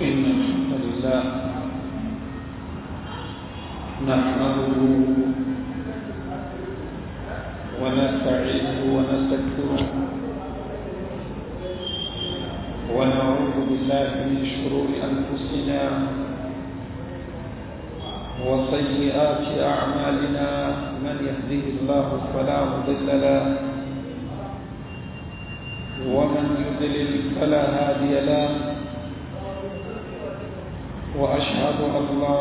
إن الحمد لله نحمده ونستعينه ونستكثره ونعوذ بالله من شرور أنفسنا وسيئات أعمالنا من يهده الله فلا مضل له ومن يضلل فلا هادي له وأشهد أن لا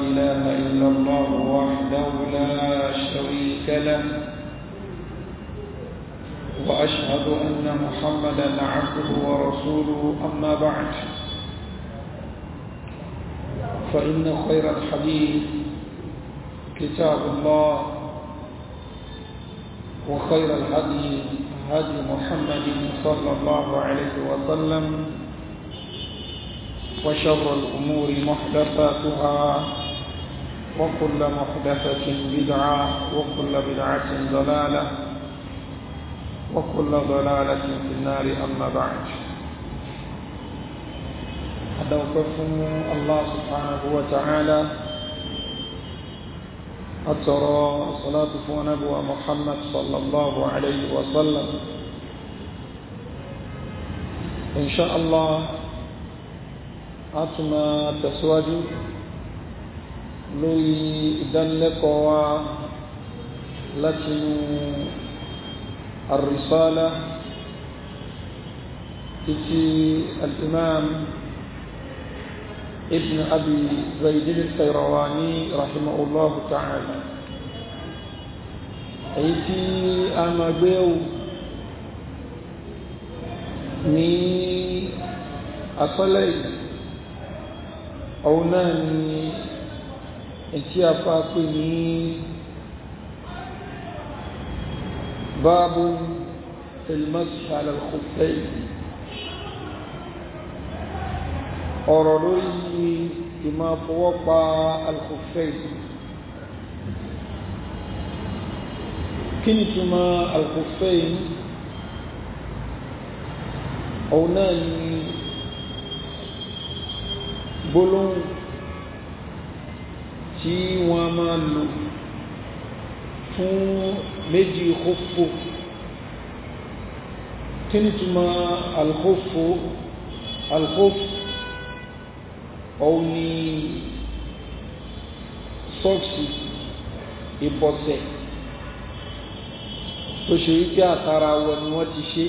إله إلا الله وحده لا شريك له وأشهد أن محمدا عبده ورسوله أما بعد فإن خير الحديث كتاب الله وخير الحديث هدي محمد صلى الله عليه وسلم وشر الأمور محدثاتها وكل محدثة بدعة وكل بدعة ضلالة وكل ضلالة في النار أما بعد أدوككم الله سبحانه وتعالى أترى صلاة ونبوة محمد صلى الله عليه وسلم إن شاء الله a tún máa tẹ̀síwájú lórí ìdánilẹ́kọ̀ọ́ wa látinú الرسالة في الإمام ابن أبي زيد القيرواني رحمه الله تعالى أيتي أما بيو ني أصلي ọ̀hún náà ni ẹ̀tí afá pè ní báàbù ilmasi alalkhufai ọ̀rọ̀ lórí ìmá fọwọ́pa alkhufai kí ni túnmọ̀ alkhufai ọ̀hún náà ni gbólóhùn tí wọ́n máa lò fún méjì hófò kí ni túmọ̀ alhófò alhófò òun ni sọ́ọ̀sì ìbọ̀sẹ̀ tó ṣe wípé àtàrà wọn ni wọ́n ti ṣe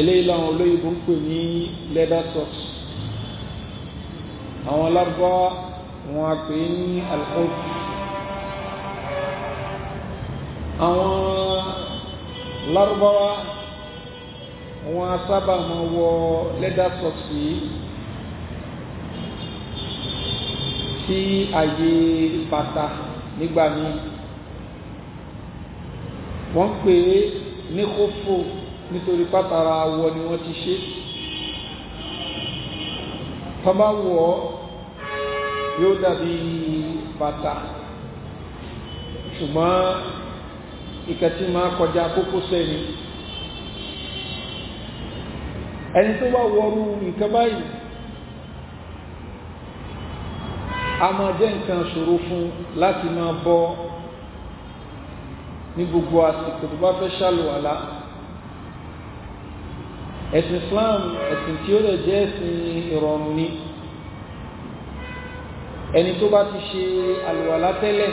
eléyìí làwọn olóyìnbó ń pè ní leather socks àwọn lábọ́ wọn a pè ní alcohol àwọn lárúbáwá wọn a sábà máa wọ leather socks yìí sí àyè bàtà nígbà míì wọ́n pè é ní kófò nítorí pátara awọ ni wọ́n ti ṣe tọ́bá wọ́ yóò dàbí bàtà ṣùgbọ́n ìkẹ́ tí máa kọjá kókósẹ̀ ni ẹni tó bá wọrú nǹkan báyìí a máa jẹ́ nǹkan ṣòro fún láti máa bọ́ ní gbogbo àsìkò tó bá fẹ́ ṣàlùwàlá ẹ̀sìn Islam ẹ̀sìn tí ó lè jẹ́ ẹ̀sìn ìrọ̀rùn ni ẹni tó bá ti ṣe àlùwàlá tẹ́lẹ̀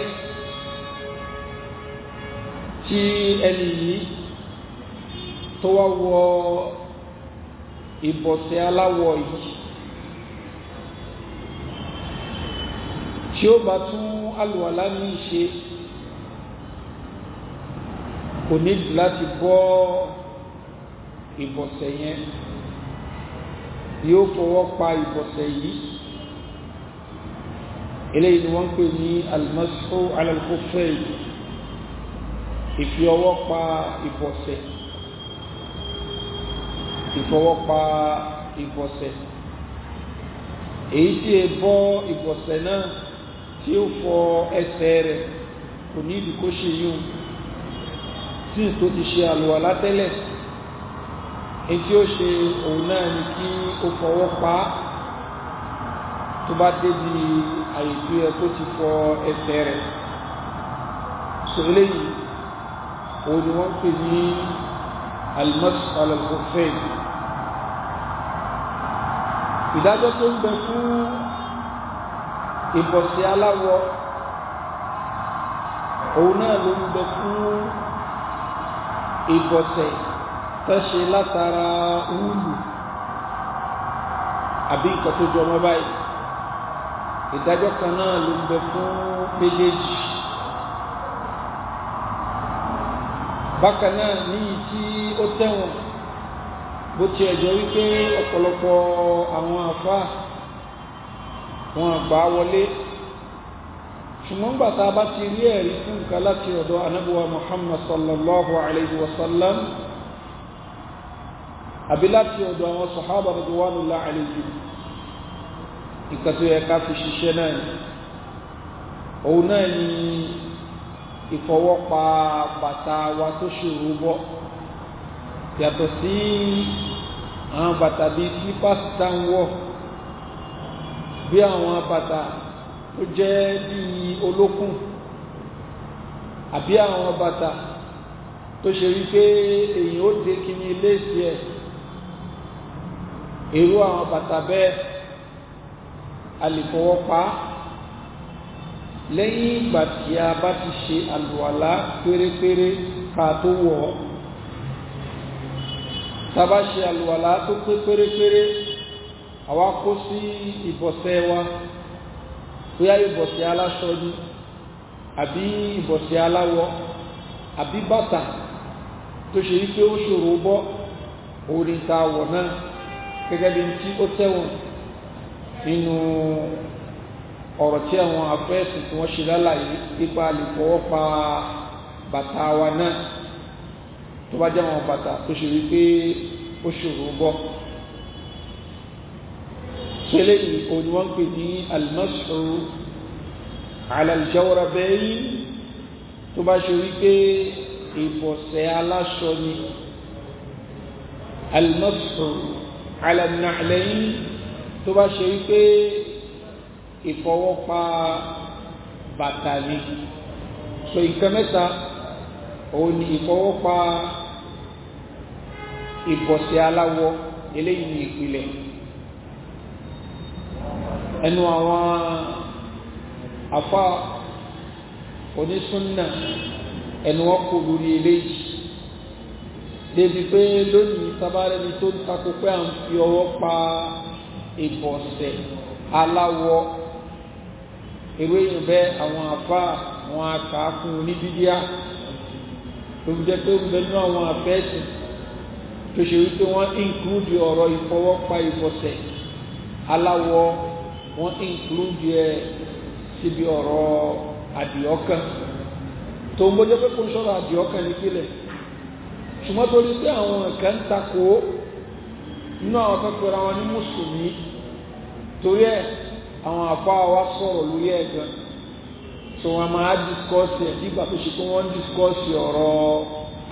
tí ẹni yìí tó wá wọ ìbọ̀sẹ̀ aláwọ̀ yìí tí ó bá tún àlùwàlá ní ìṣe kò ní láti bọ́ ọ́ ìbọ̀sẹ̀ yẹn yóò fọwọ́ pa ìbọ̀sẹ̀ yìí eléyìí ni wọ́n ń pè ní almasu alalkufẹ́ ìfi ọwọ́ pa ìbọ̀sẹ̀ ìfọwọ́ pa ìbọ̀sẹ̀ èyí tí e bọ́ ìbọ̀sẹ̀ náà tí ó fọ ẹsẹ̀ rẹ̀ kò ní ìdíkó ṣe yíò tí tó ti ṣe àlùwàlá tẹ́lẹ̀ etí ó ṣe òun náà ni kí ó fọwọ́ pa á tó bá débi àyè tó yẹ kó ti fọ ẹsẹ̀ rẹ̀ sọ̀rọ̀ yìí òun ni wọ́n pè ní almasu alagofen ìdájọ́ tó ń bẹ fún ìbọ̀sẹ̀ aláwọ̀ òun náà ló ń bẹ fún ìbọ̀sẹ̀ tán ṣe látara wúlù àbí nǹkan tó jọ ọmọ báyìí ìdájọ́ kan náà ló ń bẹ fún méjèèjì bákan náà níyì tí ó tẹ̀wọ̀n bó ti ẹ̀jọ́ wípé ọ̀pọ̀lọpọ̀ àwọn àfa wọn àgbà wọlé ṣùgbọ́n gbàtà bá ti rí ẹ̀rí fún nǹkan láti ọ̀dọ̀ anábùwà Muhammad sallallahu alayhi wa sallam àbí láti ọ̀dọ̀ àwọn sọ̀hábà radwanullahi alayhim nǹkan tó yẹ ká fi ṣiṣẹ́ náà ni òun náà ni ìfọwọ́pa bàtà wa tó ṣòro bọ́ yàtọ̀ sí àwọn bàtà bíi slippers táwọn bí àwọn bàtà tó jẹ́ bíi olókùn àbí àwọn bàtà tó ṣe wípé èyí ó dé kí ni léèsì ẹ̀ irú àwọn bàtà bẹ́ẹ̀ a lè fọwọ́ pa á lẹ́yìn ìgbà tí a bá ti ṣe àlùwàlá pérépéré ká tó wọ̀ ọ́ tàbá ṣe àlùwàlá tó pé pérépéré àwa kó sí ìbọ̀sẹ̀ wa bóyá ìbọ̀sẹ̀ aláṣọ ni àbí ìbọ̀sẹ̀ aláwọ̀ àbí bàtà tó ṣe wípé ó ṣòro bọ́ orin ta wọ̀ náà gẹ́gẹ́ bí tí ó tẹ̀wọ̀n nínú ọ̀rọ̀ tí àwọn afẹ́sùn tí wọ́n ṣe lálàyé ipa lè fọwọ́ pa bàtà wa náà tó bá jẹ́ àwọn bàtà tó ṣe wípé ó ṣòro bọ́ ṣẹlẹ̀ yìí òní wọ́n ń pè ní almasu alaljawara bẹ́ẹ̀ tó bá ṣe wípé ìbọ̀sẹ̀ aláṣọ ni almasu ala an-na'layn tó bá ṣe wípé ìfọwọ́pa bàtà ni so nǹkan mẹ́ta òun ni ìfọwọ́pa ìbọ̀sẹ̀ aláwọ̀ eléyìí ni ìpìlẹ̀ ẹnu àwọn afa onísúnnà ẹnu wọn kò lórí eléyìí débi pé lónìí tabarẹni tó ń takò pé à ń fi ọwọ́ pa ìbọ̀sẹ̀ aláwọ̀ ewé yìí bẹ́ àwọn àfa àwọn akàákùn oníbídíà tó jẹ́ pé ń bẹnu àwọn àfẹ́sì tó ṣe wípé wọ́n include ọ̀rọ̀ ìfọwọ́pa ìbọ̀sẹ̀ aláwọ̀ wọ́n include ẹ̀ síbi ọ̀rọ̀ àdìọ́kàn tó ń bójú pé kò ń sọ̀rọ̀ àdìọ́kàn ní ṣùgbọ́n torí pé àwọn nǹkan ń takò ó nínú àwọn tó pera wọn ní mùsùlùmí torí ẹ̀ àwọn àfa wa sọ̀rọ̀ lórí ẹ̀ gan so wọn máa discourse ẹ̀ nígbà tó ṣe pé wọ́n ń discourse ọ̀rọ̀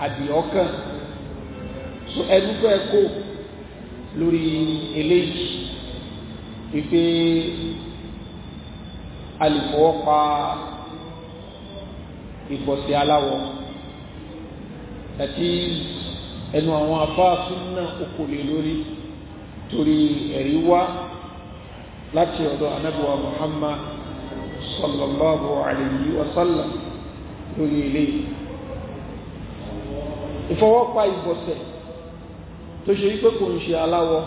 àdìọ́kàn so ẹnu fẹ́ kó lórí eléyìí wípé a pa ìbọ̀sẹ̀ aláwọ̀ àti ẹnu àwọn afáàfin náà okòlè lórí torí ẹ̀rí wá láti ọ̀dọ̀ anábíwá Muhammad sallallahu alayhi wa sallam lórí ilé ìfọwọ́pa ìbọ̀sẹ̀ tó ṣe wípé kò ń ṣe aláwọ̀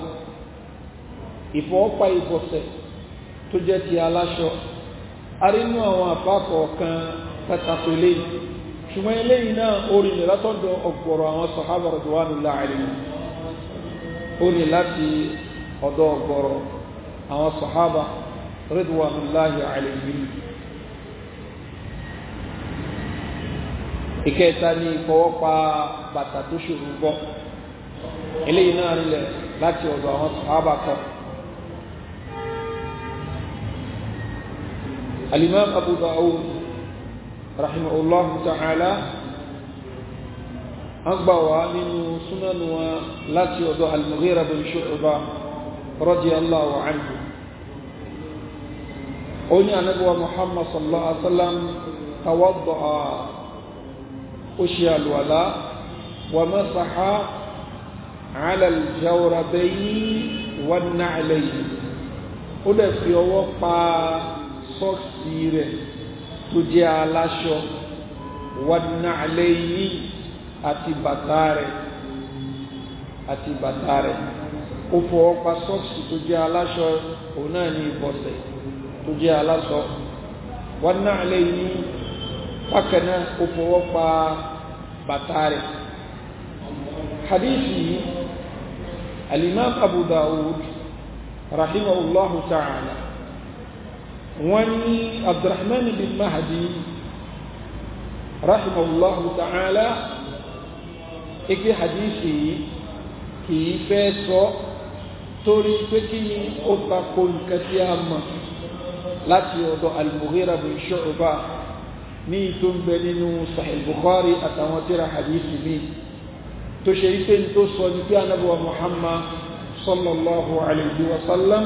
ìfọwọ́pa ìbọ̀sẹ̀ tó jẹ́ ti aláṣọ arínú àwọn àpapọ̀ kan pẹ́tàkó léyìí ṣùgbọ́n eléyìí náà orin látọ̀dọ̀ ọ̀gbọ̀rọ̀ àwọn sàhábà radiyallahu anhum orin láti ọ̀dọ̀ ọ̀gbọ̀rọ̀ tó ṣòro gbọ́ eléyìí náà láti ọ̀dọ̀ àwọn rahimahullah ta'ala an gbà wá nínú súnánù wa láti ọ̀dọ̀ al-Mughira bin Shu'ba radiyallahu anhu ó ní anabiwa Muhammad sallallahu alaihi wa sallam tawadda'a ó ṣe àlùwàlá wa masaha ala al-jawrabayni wan-na'layni ó dẹ̀ fi ọwọ́ pa sọ́ọ̀sì tó jẹ́ aláṣọ wàdínà alẹ́ yìí àti bàtà rẹ̀ àti bàtà rẹ̀ ó fọwọ́ pa sọ́ọ̀sì tó jẹ́ aláṣọ òun náà ní ìbọ̀sẹ̀ tó jẹ́ aláṣọ wàdínà alẹ́ yìí bákanáà ó fọwọ́ pa bàtà rẹ̀ hadithi alimam abu dawud rahimahullahu ta'ala wọ́n ní abdulrahman bin mahdi rahimahullahu ta'ala ike hadithi yìí kìí fẹ́ sọ torí pé kí ni ó tako nǹkan tí a mọ̀ láti ọ̀dọ̀ al-mughira bin shu'ba ní tó ń bẹ nínú sahih bukhari àtàwọn tíra hadithi mi tó ṣe ipe tó sọ ní pé anábọ̀ muhammad sallallahu alayhi wa sallam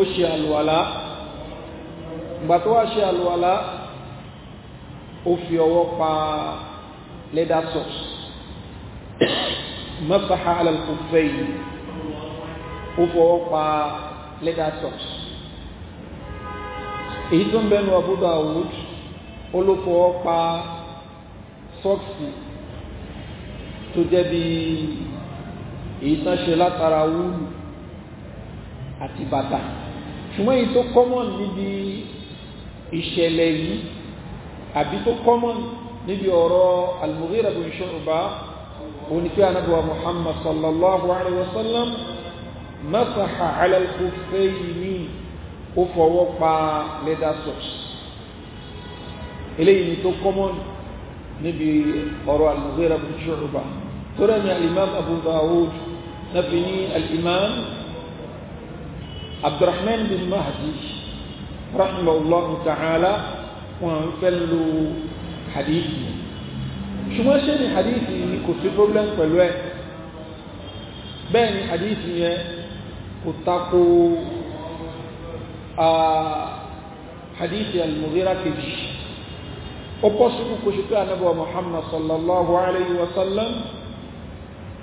ó ṣe alwala ìgbà tó wá ṣe àlùwàlá ó fi ọwọ́ pa leather socks masaha ala al-khuffayn ó fọwọ́ pa leather socks èyí tó ń bẹnu Abu Dawud ó ló fọwọ́ pa sọ́ọ̀sì tó jẹ́ bí èyí tán ṣe látara wúlù àti bàtà ṣùgbọ́n èyí tó kọ́mọ̀ níbi ìṣẹ̀lẹ̀ yìí àbí tó kọ́mọ̀n níbi ọ̀rọ̀ al-Mughira bin Shu'ba oníkẹ́ anábíwá Muhammad sallallahu alaihi wasallam masaha ala al-khuffayni ó fọwọ́ pa leather socks eléyìí tó kọ́mọ̀n níbi ọ̀rọ̀ al-Mughira bin Shu'ba tó rẹ̀ ní al-imam Abu ní al-imam bin Mahdi rahimahullahu ta'ala wọn ń fẹ́ lo hadithi ṣùgbọ́n ṣé ni hadithi kò sí problem pẹ̀lú ẹ̀ bẹ́ẹ̀ ni hadithi yẹn kò tako ah, hadithi al-mughira kejì ó pọ́ sí kò ṣe pé anábọ̀ muhammad sallallahu alayhi wa sallam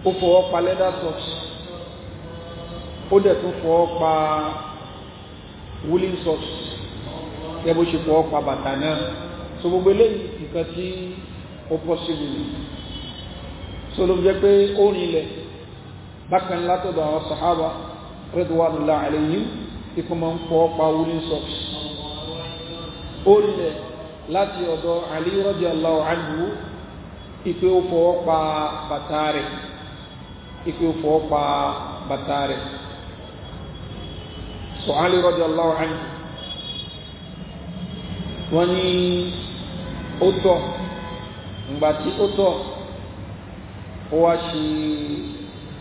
ó fọwọ́ pa leather socks ó dẹ̀ tún fọwọ́ pa woolen socks gẹ́gẹ́ bó ṣe fọwọ́ pa bàtà náà so gbogbo eléyìí nǹkan tí ó pọ́sibú ni so ló jẹ́ pé ó rinlẹ̀ bákan látọ̀dọ̀ àwọn sàhábà radwanullahi alayhim ikọ̀ máa ń fọwọ́ pa woolen socks ó rinlẹ̀ láti ọ̀dọ̀ Ali radiyallahu anhu ìpé ó fọwọ́ pa bàtà rẹ̀ ìpé ó fọwọ́ pa bàtà rẹ̀ so Ali radiyallahu anhu wọ́n ní ó tọ̀ ǹgbà tí ó tọ̀ ó wá ṣe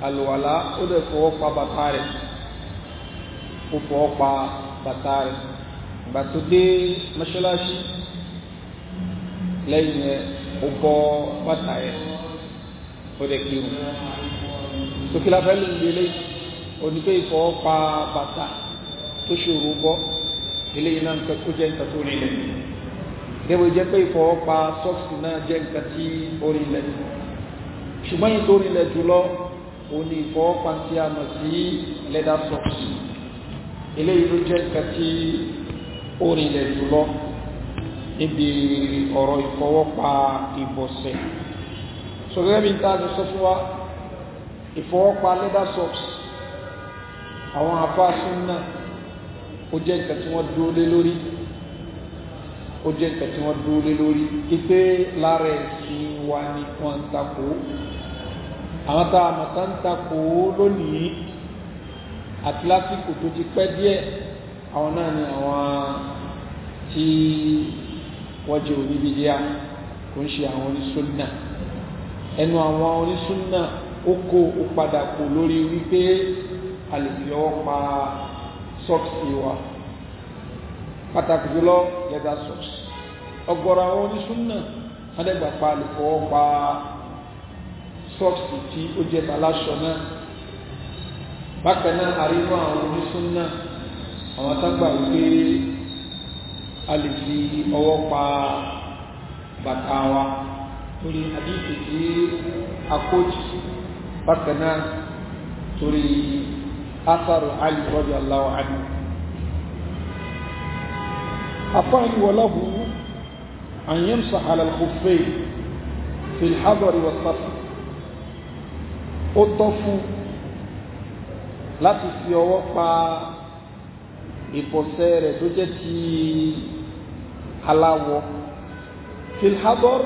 àlùwàlá ó dẹ̀ fọwọ́ pa bàtà rẹ̀ ó fọwọ́ pa bàtà rẹ̀ ǹgbà tó dé mọ́ṣáláṣí lẹ́yìn ẹ̀ ó bọ́ bàtà rẹ̀ ó dẹ̀ kírun sókè láfẹ́ lóun lélẹ́yìn onígbé ìfọwọ́ pa bàtà tó ṣòro bọ́ eléyìí náà nǹkan kó jẹ́ nǹkan tó rinlẹ̀ gẹ́gẹ́ jẹ́ pé ìfọwọ́pa sọ́ọ̀sì náà jẹ́ nǹkan tí ó rinlẹ̀ ṣùgbọ́n yìí tó rinlẹ̀ jùlọ òun ni ìfọwọ́pa tí a mọ̀ sí leather socks eléyìí ló jẹ́ nǹkan tí ó rinlẹ̀ jùlọ níbi ọ̀rọ̀ ìfọwọ́pa ìbọ̀sẹ̀ so gẹ́gẹ́ bí ta ti sọ fún wa ìfọwọ́pa leather socks àwọn afáàsùn náà ó jẹ́ nǹkan tí wọ́n dúró lé lórí ó jẹ́ nǹkan tí wọ́n dúró lé lórí ipe lára ẹ̀sìn wa ni wọ́n ń takò àwọn tá a mọ̀ tá ń takò lónìí àti lásìkò tó ti pẹ́ díẹ̀ àwọn náà ni àwọn tí wọ́n jẹ́ oníbìdíà kò ń ṣe àwọn onísúnnà ẹnu àwọn onísúnnà ó kó ó padà kò lórí wípé a lè fi ọwọ́ pa á sọ́ọ̀sì wa pàtàkì jùlọ lẹ́dà sọ́ọ̀sì ọ̀gọ̀rọ̀ àwọn onísúnnà adẹ́gbàpá lè fọwọ́ pa sọ́ọ̀sì tí ó jẹ́ tàláṣọ náà bákan náà àríwá àwọn onísúnnà àwọn àtàgbà wípé a lè fi ọwọ́ pa bàtà wa torí àdìsí tí a kó bákan náà torí أثر ali radiyallahu anhu afáàní wọláhu an yamsa ala al-khuffayn fi al-hadari wa safar ó tọ́ fún láti fi ọwọ́ pa ìbọ̀sẹ̀ rẹ̀ tó jẹ́ ti aláwọ̀ filhador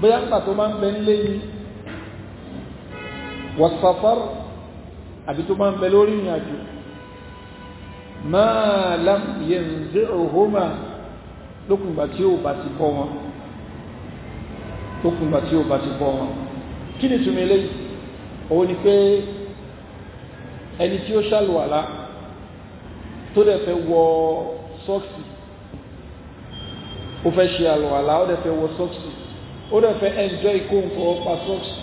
bóyá nígbà tó máa ń bẹ nílé yìí wasafar àbí tó bá ń bẹ lórí ìrìn àjò máa lam yanzi'uhuma lókùngbà tí ó bá ti bọ́ wọn lókùngbà tí ó bá ti bọ́ wọn kí ni túnmí lẹ́yìn òun ni pé ẹni tí ó ṣàlùwàlá tó dẹ̀ fẹ́ wọ sọ́ọ̀sì ó fẹ́ ṣe àlùwàlá ó dẹ̀ fẹ́ wọ sọ́ọ̀sì ó dẹ̀ fẹ́ enjoy kó nǹkan pa sọ́ọ̀sì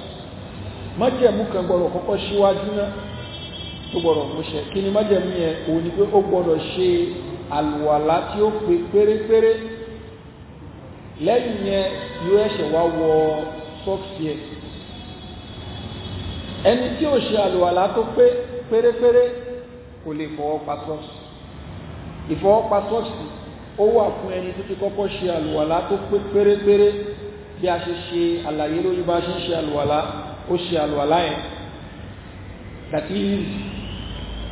májẹ̀mú kan gbọ́dọ̀ kọ́kọ́ síwájú náà tó gbọ́dọ̀ múṣẹ kí ni májẹ̀mú yẹn òun ni pé ó gbọ́dọ̀ ṣe àlùwàlá tí ó pé pérépéré lẹ́yìn yẹn yóò ẹ̀ṣẹ̀ wá wọ sọ́ọ̀sì ẹ̀ ẹni tí ò ṣe àlùwàlá tó pé pérépéré kò lè fọwọ́ pa sọ́ọ̀sì ìfọwọ́ pa sọ́ọ̀sì ó wà fún ẹni tó ti kọ́kọ́ ṣe àlùwàlá tó pé pérépéré bí a ṣe ṣe àlàyé lórí bá ṣe ń ṣe àlùwàlá ó ṣe àlùwàlá yẹn that is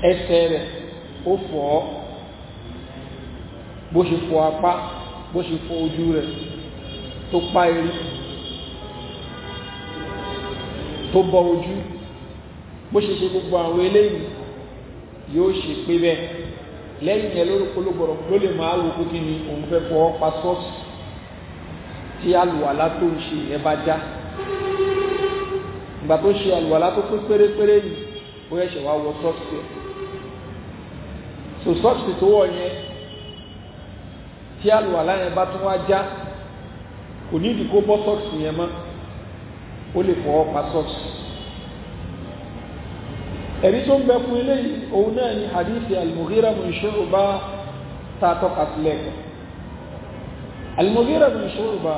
ẹsẹ̀ rẹ̀ ó fọ́ bó ṣe fọ́ apá bó ṣe fọ́ ojú rẹ̀ tó pa eré tó bọ ojú bó ṣe ṣe gbogbo àwọn eléyìí yóò ṣe pé bẹ́ẹ̀ lẹ́yìn yẹn lórúkọ ló gbọ́dọ̀ ló lè máa wò kó kí ni òun fẹ́ fọ́ pa sọ́ọ̀sì tí àlùwàlá tó ń ṣe yẹn bá já ìgbà tó ṣe àlùwàlá tó pé pérépéré yìí ó yẹ ṣe wá wọ sọ́ọ̀sì so sọ́ọ̀sì tó wọ̀ yẹn tí àlùwàlá yẹn bá tún wá já kò ní ìdí kó bọ́ sọ́ọ̀sì yẹn mọ́ ó lè fọwọ́ pa sọ́ọ̀sì ẹ̀rí tó ń bẹ fún eléyìí òun náà ni hadithi al-Mughira bin Shu'ba ta tọ́ka sílẹ̀ kan al-Mughira bin Shu'ba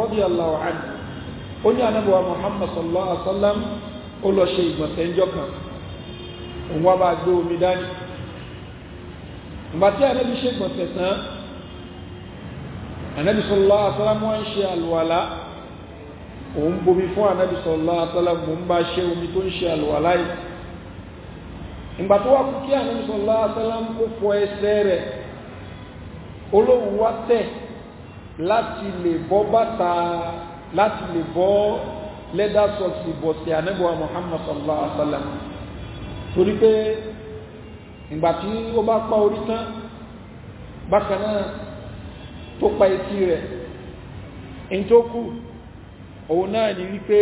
radiyallahu anhu ó Muhammad sallallahu alaihi wa sallam ó lọ ṣe ìgbọ̀nsẹ̀ ńjọ́ kan òun wá bá gbé omi dání ìgbà tí ànábi ṣe gbọ̀nsẹ̀ tán ànábi sallallahu alaihi wasallam ń ṣe àlùwàlá òun bomi fún ànábi sallallahu alaihi wasallam mò ń bá ṣe omi tó ń ṣe àlùwàlá yìí ìgbà tó wá kú kí ànábi sallallahu alaihi wasallam kó fọ ẹsẹ̀ rẹ̀ olóhùn wá tẹ̀ láti lè bọ́ bàtà láti lè bọ́ lẹ́dà sọ̀tì bọ̀tì ànábi wa Muhammad sallallahu alaihi wasallam torí pé ìgbà tí ó bá pa orí tán bákan náà tó pa etí rẹ̀ in tó kù òun náà ni wípé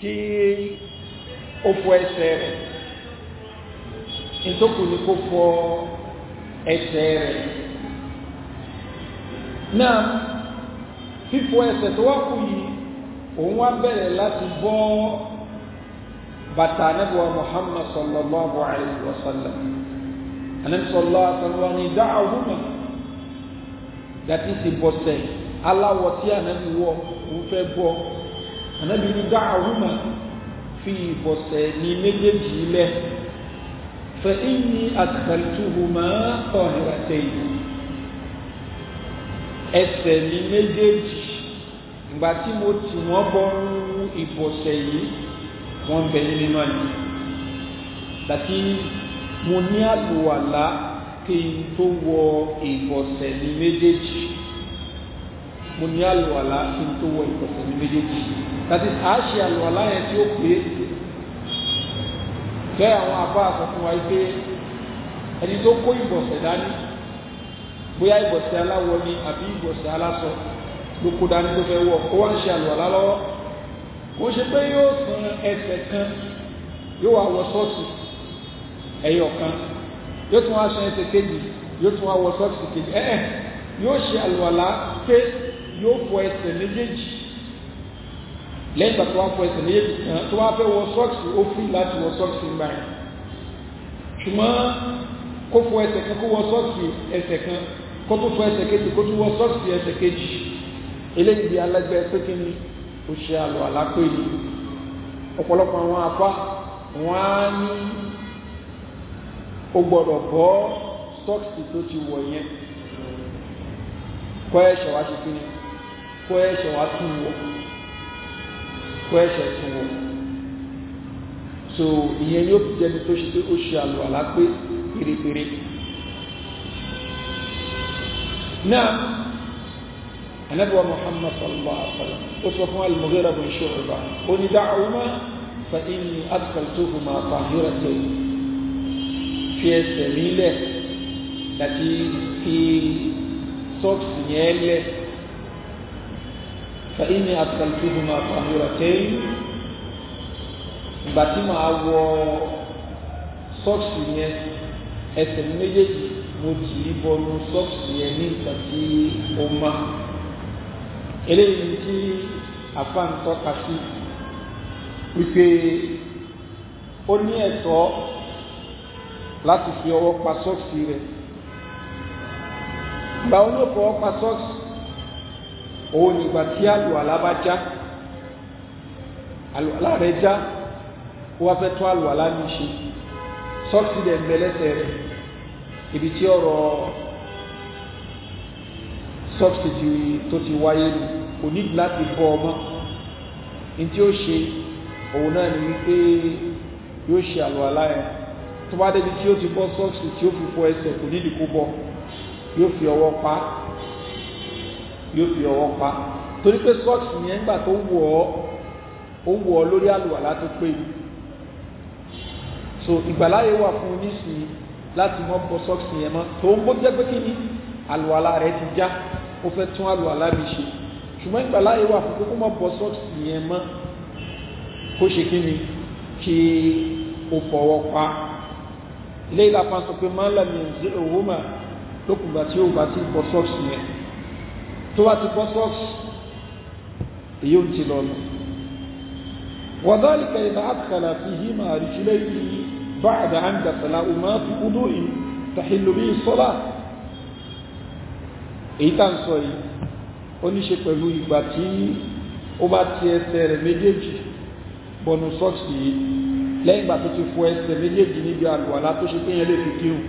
kí ó fọ ẹsẹ̀ rẹ̀ in tó kù ni kó fọ ẹsẹ̀ rẹ̀ náà fífọ ẹsẹ̀ tó wá kù yìí òun wá bẹ̀rẹ̀ láti bọ́ bàtà anabiwa muhammad sallallahu alayhi wa sallam anabi sallallahu alayhi wa sallam ni dáa wúmi dàtí ti bọ̀sẹ̀ aláwọ̀ tí anabi wọ̀ ń fẹ́ bọ̀ anabi ni dáa wúmi fi bọ̀sẹ̀ ní méjèèjì lẹ̀ fẹ́ ìní àtàlùtùhùmá tọ̀hìrà tẹ̀yìn ẹsẹ̀ ní méjèèjì ìgbà tí mo tì wọ́n bọ́ nínú ìbọ̀sẹ̀ yìí wọ́n bẹ nínú iná ni dàtí mo ní àlùwàlá kí n tó wọ ìbọ̀sẹ̀ ní méjèèjì mo ní àlùwàlá kí n tó wọ ìbọ̀sẹ̀ ní méjèèjì dàtí a ṣe àlùwàlá yẹn tí ó pé bẹ́ẹ̀ àwọn àbá àsọ fún wa pé ẹni tó kó ìbọ̀sẹ̀ dání bóyá ìbọ̀sẹ̀ aláwọ̀ ni àbí ìbọ̀sẹ̀ aláṣọ ló kó dání tó fẹ́ wọ̀ ó wá ń ṣe àlùwàlá lọ́wọ́ ó ṣe pé yóò san ẹsẹ̀ kan yóò wá wọ sọ́ọ̀sì ẹyọ kan yóò tún wá san ẹsẹ̀ kejì yóò tún wá wọ sọ́ọ̀sì kejì ẹ̀ẹ́ yóò ṣe àlùwàlá pé yóò fọ ẹsẹ̀ méjèèjì lẹ́yìn ìgbà tó wá fọ ẹsẹ̀ méjèèjì kan tó wá fẹ́ wọ sọ́ọ̀sì ó fún láti wọ sọ́ọ̀sì gbà yẹn ṣùgbọ́n kó fọ ẹsẹ̀ kan kó wọ sọ́ọ̀sì ẹsẹ̀ kan kó tó fọ ẹsẹ̀ kejì kó tó wọ sọ́ọ̀sì ẹsẹ̀ kejì eléyìí di alẹ́gbẹ́ pé kí ni ó ṣe àlọ́ àlápé yìí ọ̀pọ̀lọpọ̀ àwọn apá wọ́n á ní ó gbọ́dọ̀ bọ́ sọ́ọ̀sì tó ti wọ̀ yẹn kọ́ ẹ̀ṣẹ̀ wá ṣe kí ni kọ́ ẹ̀ṣẹ̀ wá tún wọ̀ kọ́ ẹ̀ṣẹ̀ tún wọ̀ so ìyẹn yóò fi jẹni tó ṣe pé ó ṣe àlọ́ àlápé pérépéré náà anabiwa muhammad sallallahu alaihi wa sallam ó sọ fún al-Mughira bin Shu'ba ó ní da'uma fa inni adkhaltuhuma tahiratayn fi ẹsẹ̀ mi lẹ̀ láti fi sọ́ọ̀sì yẹn lẹ̀ fa inni adkhaltuhuma tahiratayn ìgbà tí màá wọ sọ́ọ̀sì yẹn ẹsẹ̀ méjèèjì mo tì í bọnu sọ́ọ̀sì yẹn ní ìgbà tí ó máa eléyìí tí àfa ń tọ́ka sí wípé ó ní ẹ̀tọ́ láti fi ọwọ́ pa sọ́ọ̀sì rẹ̀ ìgbà olóòpọ̀ ọwọ́ pa sọ́ọ̀sì òun nígbà tí àlùwàlá bá já àlùwàlá rẹ̀ já ó wá fẹ́ tó àlùwàlá ní ṣe sọ́ọ̀sì rẹ̀ ń rẹ̀ ibi tí ọ̀rọ̀ sọ́ọ̀sì tó ti wáyé nìyí kò ní láti bọ́ ọmọ ní tí ó ṣe òun náà ni wípé yóò ṣe àlùwàlá yẹn tó bá débi tí ó ti bọ́ sọ́ọ̀sì tí ó fi fọ ẹsẹ̀ kò nídìí kó bọ́ yóò fi ọwọ́ pa yóò fi ọwọ́ pa torí pé sọ́ọ̀sì yẹn nígbà tó wọ̀ ọ́ ó wọ̀ ọ́ lórí àlùwàlá tó pé so ìgbàláyé wà fún oníṣìí láti mọ́ bọ́ sọ́ọ̀sì yẹn mọ́ tó ń bó jẹ́ pé kí ni àlùwàlá rẹ̀ ti já ó fẹ́ tún àlùwàlá mi ṣe ṣùgbọ́n ìgbàláyé wà fún kókó mọ́ bọ́ sọ́ọ̀sì yẹn mọ́ kó ṣe kí ni kí o fọwọ́ pa ilé ìlàpá pé máa ń lọ ní owó mà lókùngbà tí ó bá ti bọ́ sọ́ọ̀sì yẹn tó bá ti bọ́ sọ́ọ̀sì èyí ò ti lọ lọ وذلك إذا أدخل فيهما رجليه بعد أن غسلا ما في وضوء تحل به الصلاة. إيتان صحيح ó ní ṣe pẹ̀lú ìgbà tí ó bá ti ẹsẹ̀ rẹ̀ méjèèjì bọnu sọ́ọ̀sì yìí lẹ́yìn ìgbà tó ti fọ ẹsẹ̀ méjèèjì níbi àlùwàlá tó ṣe pé yẹn lè fi kírun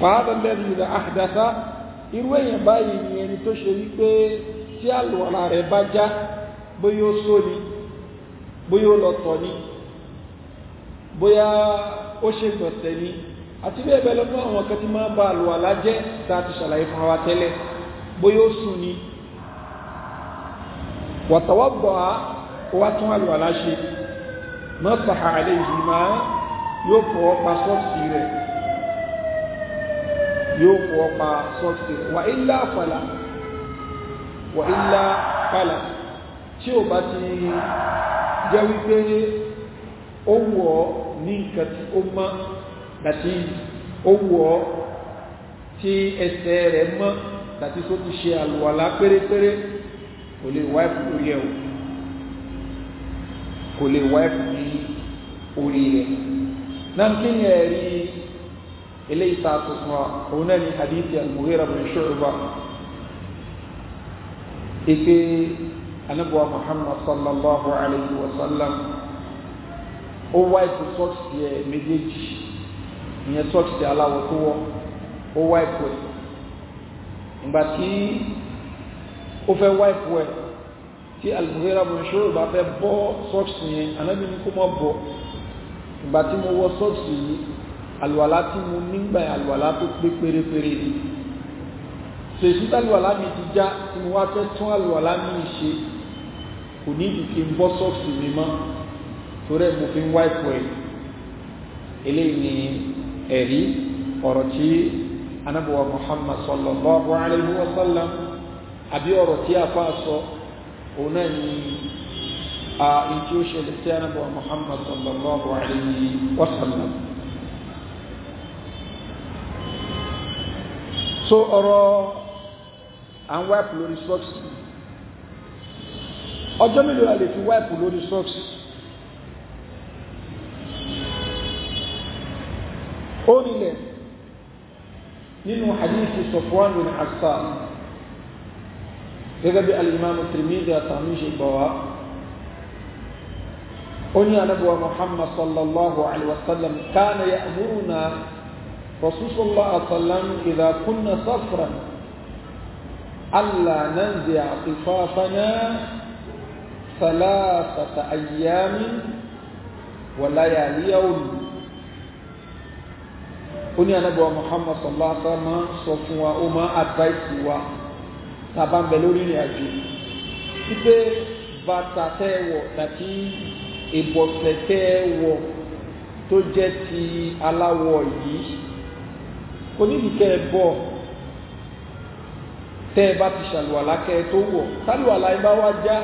fàádọ́ lẹ́nu àdásá irú èèyàn báyìí ni ẹni tó ṣe wípé tí àlùwàlá rẹ̀ bá já bóyá ó só ni bóyá ó lọ tọ̀ ni bóyá ó ṣe gbọ̀nsẹ̀ ni àti bẹ́ẹ̀ bẹ́ẹ̀ lọ́nà àwọn kan ti máa ba àlùwàlá jẹ́ tá a ti ṣàlàyé fún wa tẹ́lẹ̀ bóyá ó sùn ni wàtàwọ́bọ̀ á wá tún àlùwàlá ṣe mọ́sàá àlejò máa yóò fọwọ́ pa sọ́ọ̀sì rẹ̀ yóò fọwọ́ pa sọ́ọ̀sì rẹ̀ wà ilá fàlà wà ilá fàlà tí ò bá ti jẹ́ wípé ó wù ní nǹkan tí ó mọ́ dàtí ó wù tí ẹsẹ̀ rẹ̀ mọ́ dàtí tó ti ṣe àlùwàlá pérépéré kò lè wá ẹ̀fù lórí ẹ̀ o kò lè wá ẹ̀fù ní orí rẹ̀ náà kí ni ẹ̀rí eléyìí tá a sọ fún wa òun náà ni hadith al-Mughira bin Shu'ba ipe anabuwa Muhammad sallallahu alayhi wa sallam ó wá ẹ̀fù sọ́ọ̀sì ẹ̀ méjèèjì ìyẹn sọ́ọ̀sì aláwọ̀ tó wọ́ ó wá ẹ̀fù ẹ̀ ìgbà tí ó fẹ́ wáìpù ẹ̀ tí Al-Mughira bin Shu'ba fẹ́ bọ́ sọ́ọ̀sì yẹn anábì ní kó mọ́ bọ̀ ìgbà tí mo wọ sọ́ọ̀sì yìí àlùwàlá tí mo nígbà àlùwàlá tó pé pérépéré ni ṣèṣí tàlùwàlá mi ti já tí mo wá fẹ́ tún àlùwàlá mi ṣe kò ní ìdí kí n bọ́ sọ́ọ̀sì mi mọ́ torí mo fi ń wáìpù ẹ̀ eléyìí ni ẹ̀rí ọ̀rọ̀ tí anabuwa muhammad sallallahu alayhi wa sallam àbí ọ̀rọ̀ tí a fa sọ òun náà ni a ìtí ó ṣẹlẹ̀ sí anabuwa muhammad sallallahu alayhi wa sallam so ọ̀rọ̀ àwọn wáìpù lórí socks ọjọ́ mélòó la lè fi wáìpù lórí socks ó nílẹ̀ من حديث صفوان بن عفان إذا بي الإمام الترمذي تاميش البواء أني نبوة محمد صلى الله عليه وسلم كان يأمرنا رسول الله صلى الله عليه وسلم إذا كنا صفرا ألا ننزع صفاتنا ثلاثة أيام ولا يليون ó ní anábọ̀ Muhammad sallallahu alaihi wa sallam máa ń sọ fún wa ó máa ń advice wa tá a bá ń bẹ lórí ìrìn àjò wípé bàtà tẹ́ ẹ wọ̀ tàbí ìbọ̀sẹ̀ tẹ́ ẹ wọ̀ tó jẹ́ ti aláwọ̀ yìí kò nídìí kẹ́ ẹ bọ̀ tẹ́ ẹ bá ti ṣàlùwàlá kẹ́ ẹ tó wọ̀ ṣàlùwàlá ẹ bá wá já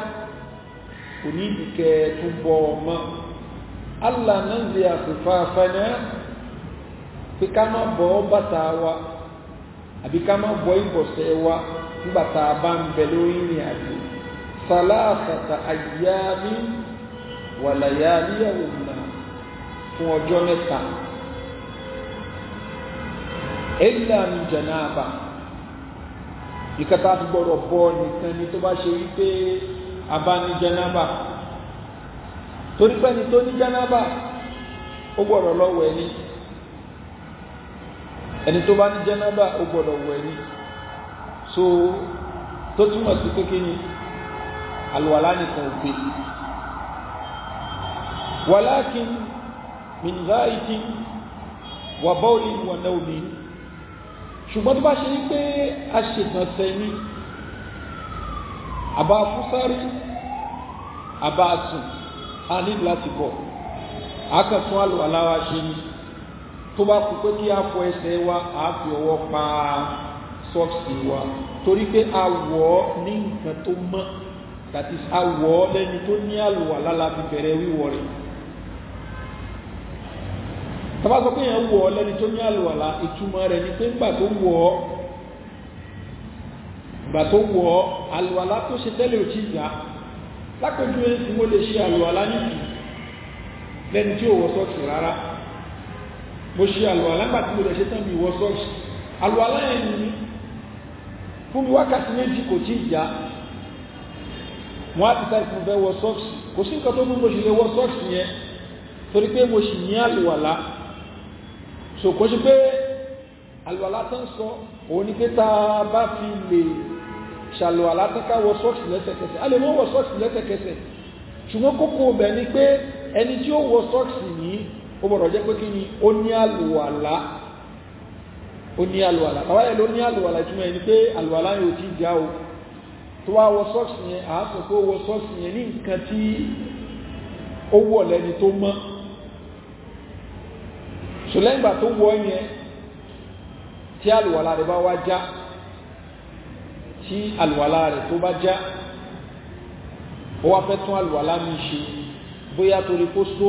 kò nídìí kẹ́ ẹ tó bọ̀ ọ mọ́ Allah náà ń di àfẹ́fà afẹ́nẹ́ pé ká má bọ́ bàtà wa àbí ká má bọ́ ìbọ̀sẹ̀ wa nígbà tá a bá ń bẹ lórí ìrìn àjò sàlásàtà àyàmí wàlàyà níyàwó fún ọjọ́ mẹ́ta ẹ̀là ní jẹ̀nàbà ìkàtà gbọ́dọ̀ bọ́ nìkan ni tó bá ṣe wípé a bá ní jẹ̀nàbà torí pé ẹni tó ní jẹ̀nàbà ó gbọ́dọ̀ lọ́wọ́ ẹni ẹni tó bá ní jẹ́nàbà ó gbọ́dọ̀ wẹ̀ ní so tó túmọ̀ sí kékeré ní alùwàlá nìkan òpè wàlákin mìnzáìtì wà bọ́ọ̀lì wà náà omi ṣùgbọ́n tó bá ṣe ní pé a ṣètàn sẹ́ni àbá fúsárì àbá sùn a ní láti bọ̀ a kàn tún alùwàlá wa ṣe ni tó bá kú pé kí a fọ ẹsẹ̀ wa a fi ọwọ́ pa sọ́ọ̀sì wa torí pé a wọ̀ ọ́ ní nǹkan tó mọ́ tàbí a wọ̀ ọ́ lẹ́ni tó ní àlùwà lála fi bẹ̀rẹ̀ wíwọ̀ rẹ̀ tàbá sọ pé èèyàn wọ̀ ọ́ lẹ́ni tó ní àlùwà lá ìtumọ̀ rẹ̀ ni pé ńgbà tó wọ̀ ọ́ ìgbà tó wọ̀ ọ́ àlùwà lá tó ṣe tẹ́lẹ̀ ò tí ì yá lápẹjú ẹ̀ ń mo ṣe àlùwà lá nìkì lẹ́ni tí ò wọ sọ́ọ̀sì rárá mo ṣe àlùwàlá ńgbà tí mo lè ṣe tán mi ìwọ sọ́ọ̀sì àlùwàlá yẹn ni fún mi wákàtí méjì kò tí ì já wọ́n á ti sáì fún fẹ́ wọ sọ́ọ̀sì kò sí nǹkan tó mú mo ṣe lè wọ sọ́ọ̀sì yẹn torí pé mo ṣì ní àlùwàlá so kò sí pé àlùwàlá tó ń sọ òun ni pé tá a bá fi lè ṣàlùwàlá tó ká wọ sọ́ọ̀sì lẹ́sẹ̀kẹsẹ̀ a lè mọ́ wọ sọ́ọ̀sì lẹ́sẹ̀kẹsẹ̀ ṣùgbọ́n kókó bẹ̀ ni pé ẹni tí ó wọ sọ́ọ̀sì yìí ó gbọ́dọ̀ jẹ́ pé kí ni ó ní àlùwàlá ó ní àlùwàlá tàwáyẹ̀ ló ní àlùwàlá ìtumọ̀ ẹni pé àlùwàlá yóò ti já o tó wá wọ sọ́ọ̀sì yẹn à á sọ pé ó wọ sọ́ọ̀sì yẹn ní nǹkan tí ó wọ̀ lẹ́ni tó mọ́ sùlẹ́ǹgbà tó wọ yẹn tí àlùwàlá rẹ̀ bá wá já tí àlùwàlá rẹ̀ tó bá já ó wá fẹ́ tún àlùwàlá mi ṣe bóyá torí kó só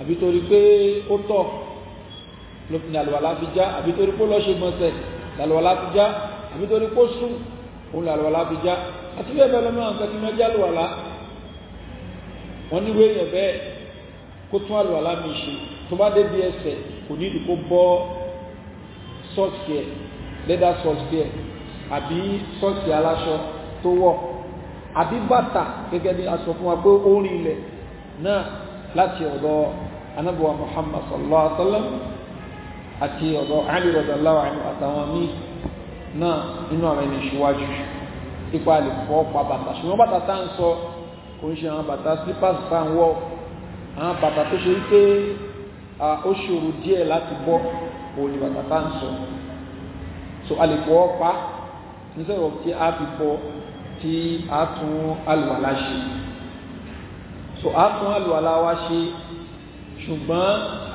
àbí torí pé ó tọ̀ lópin àlùwàlá fi já àbí torí pé ó lọ ṣe mọ̀ọ́sẹ̀ làlùwàlá fi já àbí torí pé ó sùn òun làlùwàlá fi já àti bẹ́ẹ̀ bẹ́ẹ̀ lọ́mọ nǹkan tí wọ́n já lùwàlá wọ́n ní wéyàn bẹ́ẹ̀ kó tún àlùwàlá mi ṣe tó bá débi ẹsẹ̀ kò ní ìdíkó bọ́ sọ́ọ̀sì ẹ̀ lẹ́dà sọ́ọ̀sì ẹ̀ àbí sọ́ọ̀sì aláṣọ tó wọ̀ àbí bàtà gẹ́gẹ́ bí a fún wa pé ó rìn ilẹ̀ náà láti ọ̀dọ̀ anábọ̀wá muhammad sallallahu alaihi wa sallam àti ọ̀dọ̀ ali radallahu anhu àtàwọn míì náà nínú àwọn ẹni ìṣíwájú ipa lè fọ́ pa bàtà ṣùgbọ́n bàtà tá ń sọ kò ń ṣe àwọn bàtà slippers tá ń wọ̀ àwọn bàtà tó ṣe wípé ó ṣòro díẹ̀ láti bọ́ òun ni bàtà tá ń sọ so a lè fọ́ pa nítorí tí a fi bọ́ tí a tún alùwàlá ṣe so a tún àlùwàlá wa ṣe ṣùgbọ́n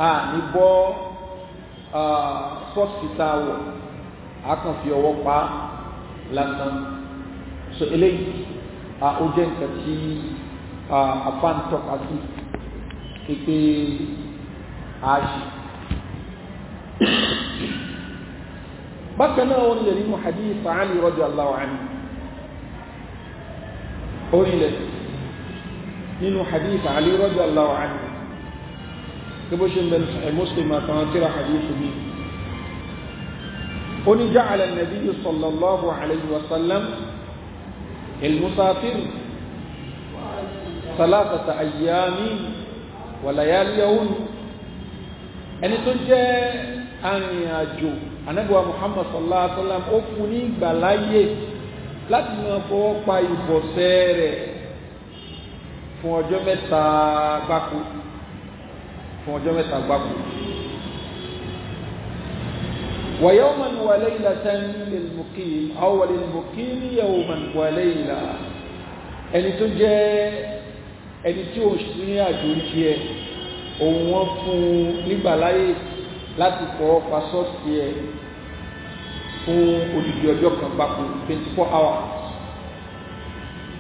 a ní bọ́ sọ́ọ̀sì tá a wọ̀ a kàn fi ọwọ́ pa lásán so eléyìí ó jẹ́ nǹkan tí apá ń tọ́ka sí pípé a ṣe. bákan náà ó lè nínú hadith Ali radiyallahu anhu ó ń lè nínú hadith Ali radiyallahu anhu gbogbo ṣe ń bẹ muslim àtàwọn tíra hadith mi ó ní ja'ala an-nabiy sallallahu alayhi wa sallam al-musaafir salatata ayyamin wa layaliyahun ẹni tó jẹ́ arìnrìnàjò anábíwá muhammad sallallahu alayhi wa sallam ó fún ní ìgbàláyè láti máa fọwọ́ pa ìbọ̀sẹ̀ rẹ̀ fún ọjọ́ mẹ́ta gbáko fún ọjọ́ mẹ́ta gbáko. ويوما وليلة للمقيم أو للمقيم يوما وليلة ẹni tó jẹ́ ẹni tí ó ṣe ní àjò ìjì ẹ òun wọ́n fún nígbà láyé láti fọ́ pa ẹ fún odidi ọjọ́ kan papọ̀ 24 hours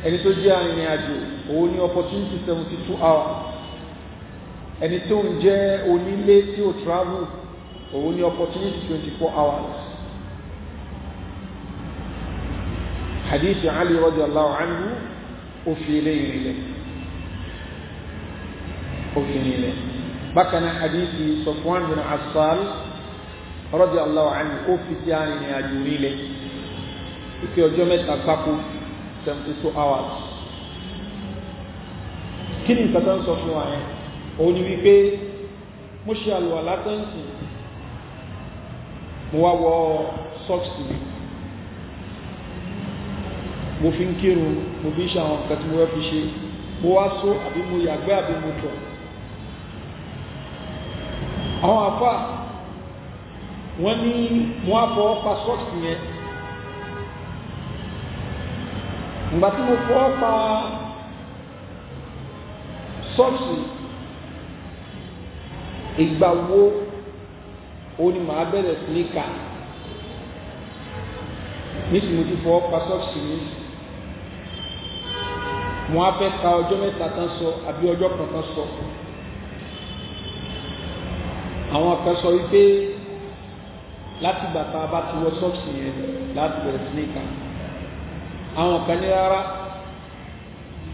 ẹni tó jẹ́ arìnrìn àjò òun ní opportunity seventy two hours ẹni tó ń jẹ́ onílé tí ó travel òun ní opportunity twenty four hours. hadith ali radiyallahu anhu ó fi eléyìí rinlẹ̀ ó fi rinlẹ̀ bákan náà hadith sọfwan bin asal radiyallahu anhu ó fi ti arìnrìn àjò rinlẹ̀ ike ọjọ́ mẹ́ta gbáko. 72 hours kí ni nǹkan tó ń sọ fún wa yẹn òun ni wípé mo ṣe àlùwàlá tó ń sìn mo wá wọ socks mi fi ń kírun mo fi ń ṣe àwọn nǹkan tí fi ṣe mo wá só àbí mo yàgbẹ́ àbí mo tọ̀ àwọn àfa wọ́n ní mo á fọwọ́ yẹn. ìgbà tí mo fọ́ pa sọ́ọ̀sì ìgbà wo ó ní màá bẹ̀rẹ̀ sí ní kà nísìnyí mo ti fọ́ pa sọ́ọ̀sì mi mo á fẹ́ ka ọjọ́ mẹ́ta tán sọ àbí ọjọ́ kan tán sọ àwọn kan sọ wípé láti gbàtà bá ti wọ sọ́ọ̀sì yẹn láti bẹ̀rẹ̀ sí àwọn kan ní rárá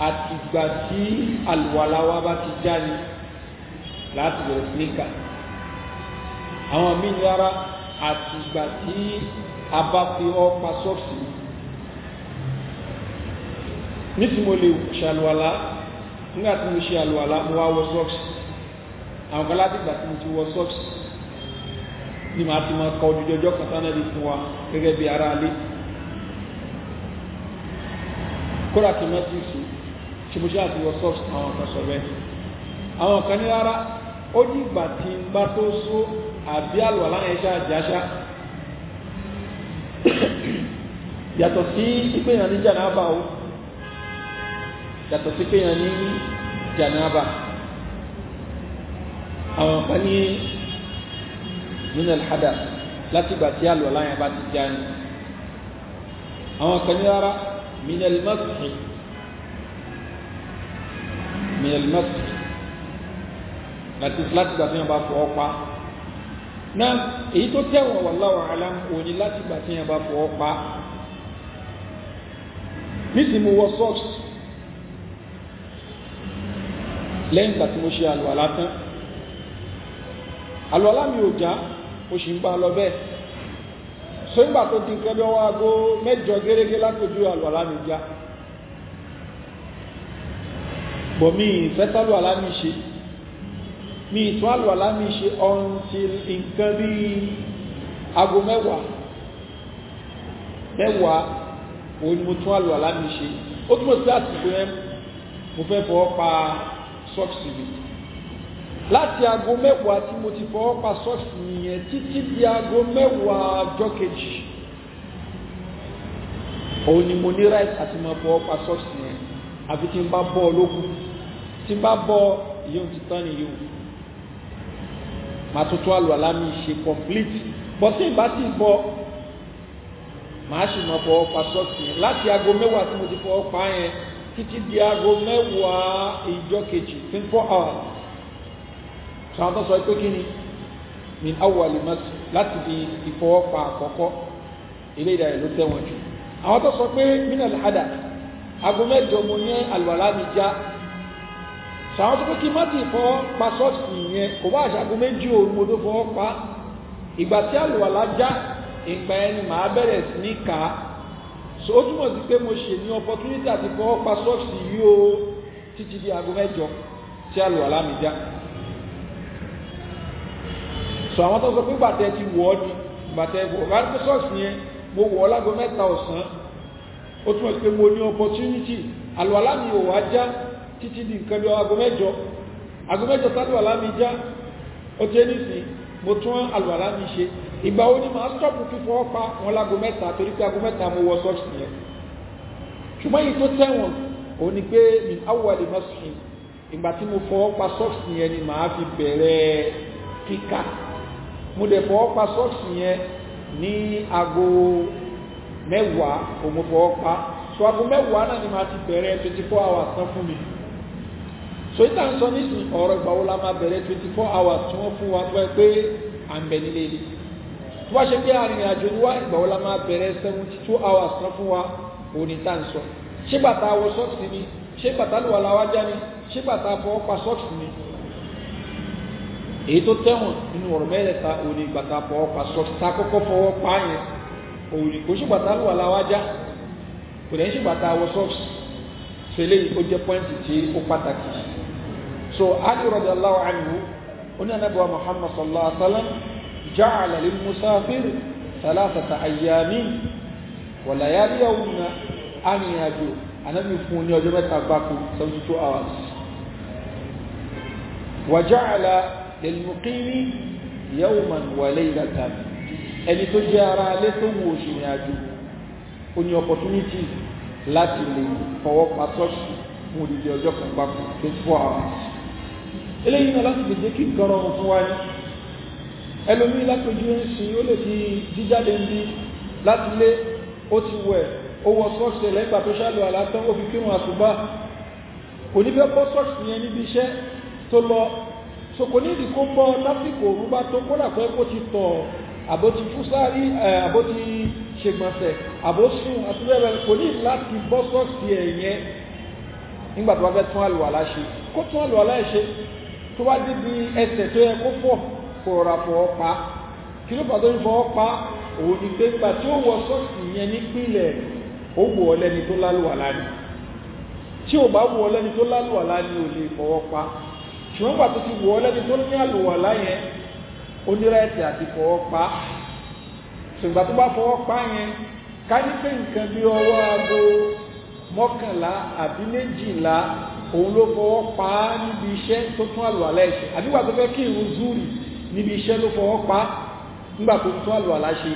àtìgbà tí àlùwàlá wa bá ti já ni láti bẹ̀rẹ̀ sí ní kà àwọn míì ní rárá àtìgbà tí a bá fi ọ́ pa sọ́ọ̀sì nítorí mo lè ṣàlùwàlá nígbà tí mo ṣe àlùwàlá mo wá wọ sọ́ọ̀sì àwọn kan láti ìgbà tí mo ti wọ sọ́ọ̀sì ni màá ti máa kọ ojú ọjọ́ kan tánà fún wa gẹ́gẹ́ bí ara kóra kì má ti sùn ṣubúṣe àti wọ sọ́ọ̀sì àwọn kan sọ bẹ́ẹ̀ àwọn kan ní rárá ó ní ìgbà tí n bá tó só àbí àlùwà láyẹn ṣá jáṣá yàtọ̀ sí ìpéyàn ní jànáàbà o yàtọ̀ sí ìpéyàn ní jànáàbà àwọn kan ní nínú láti ìgbà tí àlùwà láyẹn bá ti já àwọn kan ní rárá. من المسح من المسح láti láti gbà tí wọn bá fọwọ́ pa náà èyí tó tẹ̀wọ̀n wallahu alam òní láti gbà tí wọn bá fọwọ́ pa nísìnyí mo wọ socks lẹ́yìn ìgbà tí mo ṣe àlùwàlá tán àlùwàlá mi ò já mo sì ń bá a lọ bẹ́ẹ̀ so nígbà tó di nǹkan bí ọwọ́ aago mẹ́jọ gẹ́gẹ́ látòjú àlùwàlá mi já bọ̀ mi ìfẹ́ sálùwàlá mi ṣe mi ìtún àlùwàlá mi ṣe until nǹkan bí aago mẹ́wàá mẹ́wàá òun ni mo tún àlùwàlá mi ṣe ó túnmọ̀ sí àsìkò yẹn mo fẹ́ fọwọ́ pa sọ́ọ̀sì mi láti aago mẹ́wàá tí mo ti fọwọ́ pa sọ́ọ̀sì yẹn títí di aago mẹ́wàá ọjọ́ kejì òun ni mo ní rice àti mo bọ ọpa sọ́ọ̀sì yẹn àfi tí n bá bọ́ ọ lókun tí n bá bọ́ ìyóhùn ti tán nìyí o màá tuntun àlùwàlá mi ṣe complete bọ́ tí n bá ti bọ́ màá sì mọ fọwọ́ pa sọ́ọ̀tì yẹn láti aago mẹ́wàá tí mo ti fọwọ́ pa yẹn títí di aago mẹ́wàá ìjọ kejì twenty four hours sọ àwọn tó sọ pé kí ni min awali masu láti fi ìfọwọ́pa àkọ́kọ́ ilé ìdáyẹ̀ ló tẹ̀wọ̀n jù àwọn tó sọ pé minal hada aago mẹ́jọ mo yẹn àlùwàlá mi já sàwọn tó pé kí n má ti fọwọ́ pa sọ́ọ̀sì yẹn kò bá àṣàkó méjì òru mo tó fọwọ́ pa ìgbà tí àlùwàlá já ìgbà ẹni màá bẹ̀rẹ̀ sí ní kà so ó túmọ̀ sí pé mo ṣe ní opportunity àti fọwọ́ pa sọ́ọ̀sì yìí o títí di aago mẹ́jọ tí àlùwàlá mi já so àwọn tó sọ pé gbàtẹ́ ti wọ̀ ọ́ di gbàtẹ́ wọ̀ rárí pé sọ́ọ̀sì yẹn mo wọ̀ ọ́ lágbo mẹ́ta ó túmọ̀ sí pé mo ní opportunity àlùwàlá mi ò wá já títí di nǹkan bí aago mẹ́jọ aago mẹ́jọ tálùwàlá mi já ó ti ní sìn mo tún àlùwàlá mi ṣe ìgbà wo ni màá stop fífọ́ pa wọn lágbo mẹ́ta torí pé aago mẹ́ta mo wọ̀ sọ́ọ̀sì yẹn ṣùgbọ́n yìí tó tẹ̀wọ̀n òun ni pé min awwali masfi ìgbà tí mo fọwọ́ pa sọ́ọ̀sì yẹn ni màá fi bẹ̀rẹ̀ kíkà mo dẹ̀ fọwọ́ pa sọ́ọ̀sì yẹn ní aago mẹ́wàá òun fọwọ́ pa so aago mẹ́wàá náà ni màá ti bẹ̀rẹ̀ twenty four hours tán fún mi so ìta ń sọ nísìn ọ̀rọ̀ ìgbà la máa bẹ̀rẹ̀ twenty four hours tí wọ́n fún wa pé à ń bẹ̀ nílé ni tó bá ṣe pé arìnrìn àjò wa ìgbà wo la máa bẹ̀rẹ̀ seventy two hours tán fún wa òun ìta ń sọ ṣé bàtà wọ sọ́ọ̀sì ni ṣé bàtà lùwàlà wájá ni ṣé bàtà fọwọ́ pa sọ́ọ̀sì ni èyí tó tẹ̀wọ̀n nínú ọ̀rọ̀ mẹ́rẹ̀ta òní gbàtà fọwọ́ pa sọ́ta kọ́kọ́ fọwọ́ pa yẹn òní kò sí gbàtà wà láwájá kò dẹ̀ ń sí gbàtà wọ sọ́ọ̀sì fèlè ó jẹ́ pọ́ìntì tí ó pàtàkì so Ali radiyallahu anhu oní anábọ̀ Muhammad sallallahu alaihi wa sallam ja'ala lil musafir thalathata ayyamin wa layali yawmin arìnrìnàjò anábì fún ní ọjọ́ mẹ́ta gbáko 72 hours wa ja'ala lẹ́lùmùkínní yawman wa laylatan ẹni tó jẹ́ ara alẹ́ tó wù òṣìrìn àjò ó ní opportunity láti lè fọwọ́ pa tọ́ọ̀sì fún odidi ọjọ́ kan gbáko twenty four hours eléyìí náà láti lè jẹ́ kí nǹkan rọrùn fún wa ní ẹlòmí lápẹjú ń sin ó lè fi jíjáde ń bí láti lé ó ti wẹ̀ ó wọ sọ́ọ̀sì lẹ́gbà tó ṣàlù àlátán ó fi kírun àsùbá kò ní fẹ́ sọ́ọ̀sì yẹn níbi iṣẹ́ tó lọ sòkò ní ìdí kó bọ́ lásìkò òun bá tó kódà pé kó ti tọ̀ àbó ti fúsárì àbó ti ṣègbọ̀nsẹ̀ àbó sùn àti bẹ́ẹ̀ kò ní láti bọ́ sọ́ọ̀sì ẹ̀ yẹn nígbà tó bá fẹ́ tún àlùwàlá ṣe kó tún àlùwàlá ṣe tó bá débi ẹsẹ̀ tó yẹ kó fọ̀ kò rà fọ̀ ọ́ pa kí ló bá tó ń fọ̀ ọ́ pa òun ni pé nígbà tí ó wọ sọ́ọ̀sì yẹn nípìnlẹ̀ ó wù ọ́ lẹ́ni tó lálùwàlá ni tí ò bá wù ọ́ lẹ́ni tó lálùwàlá ni ò lè fọwọ́ ṣùgbọ́n pàtó ti wọ́ lẹ́ni tó ní àlùwàlá yẹn onírẹ́ẹ̀tì àti fọwọ́ pa ṣùgbọ́n tó bá fọwọ́ pa yẹn ká ní pé nǹkan bí ọwọ́ aago mọ́kànlá àbí méjìlá òun ló fọwọ́ pa á níbi iṣẹ́ tó tún àlùwàlá ẹ̀ṣẹ̀ àbí wà tó fẹ́ kí irun zúrì níbi iṣẹ́ ló fọwọ́ pa á nígbà tó tún àlùwàlá ṣe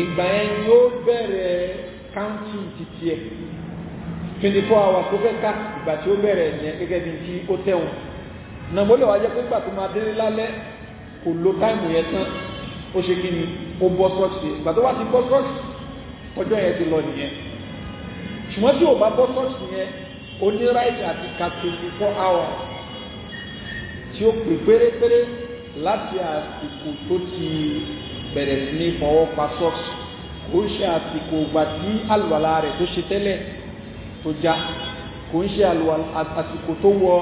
ìgbà yẹn yóò bẹ̀rẹ̀ káńtì títí ẹ̀ 24 hours tó fẹ́ ká ìgbà tí ó bẹ̀rẹ̀ yẹn nàmó lè wá jẹ́ pé gbà tó máa délé lálẹ́ kò lo táìmù yẹn tán ó ṣe kí ni ó bọ́ sọ́ọ̀sì ìgbà tó wá ti bọ́ sọ́ọ̀sì ọjọ́ yẹn ti lọ nìyẹn ṣùgbọ́n tí ò bá bọ́ sọ́ọ̀sì yẹn ó ní ráìtì àti ka twenty four tí ó pè pérépéré láti àsìkò tó ti bẹ̀rẹ̀ sí ní fọwọ́ pa sọ́ọ̀sì kò ń ṣe àsìkò ìgbà tí àlùwàlá rẹ̀ tó ṣe tẹ́lẹ̀ tó já kò ń ṣe àsìkò tó wọ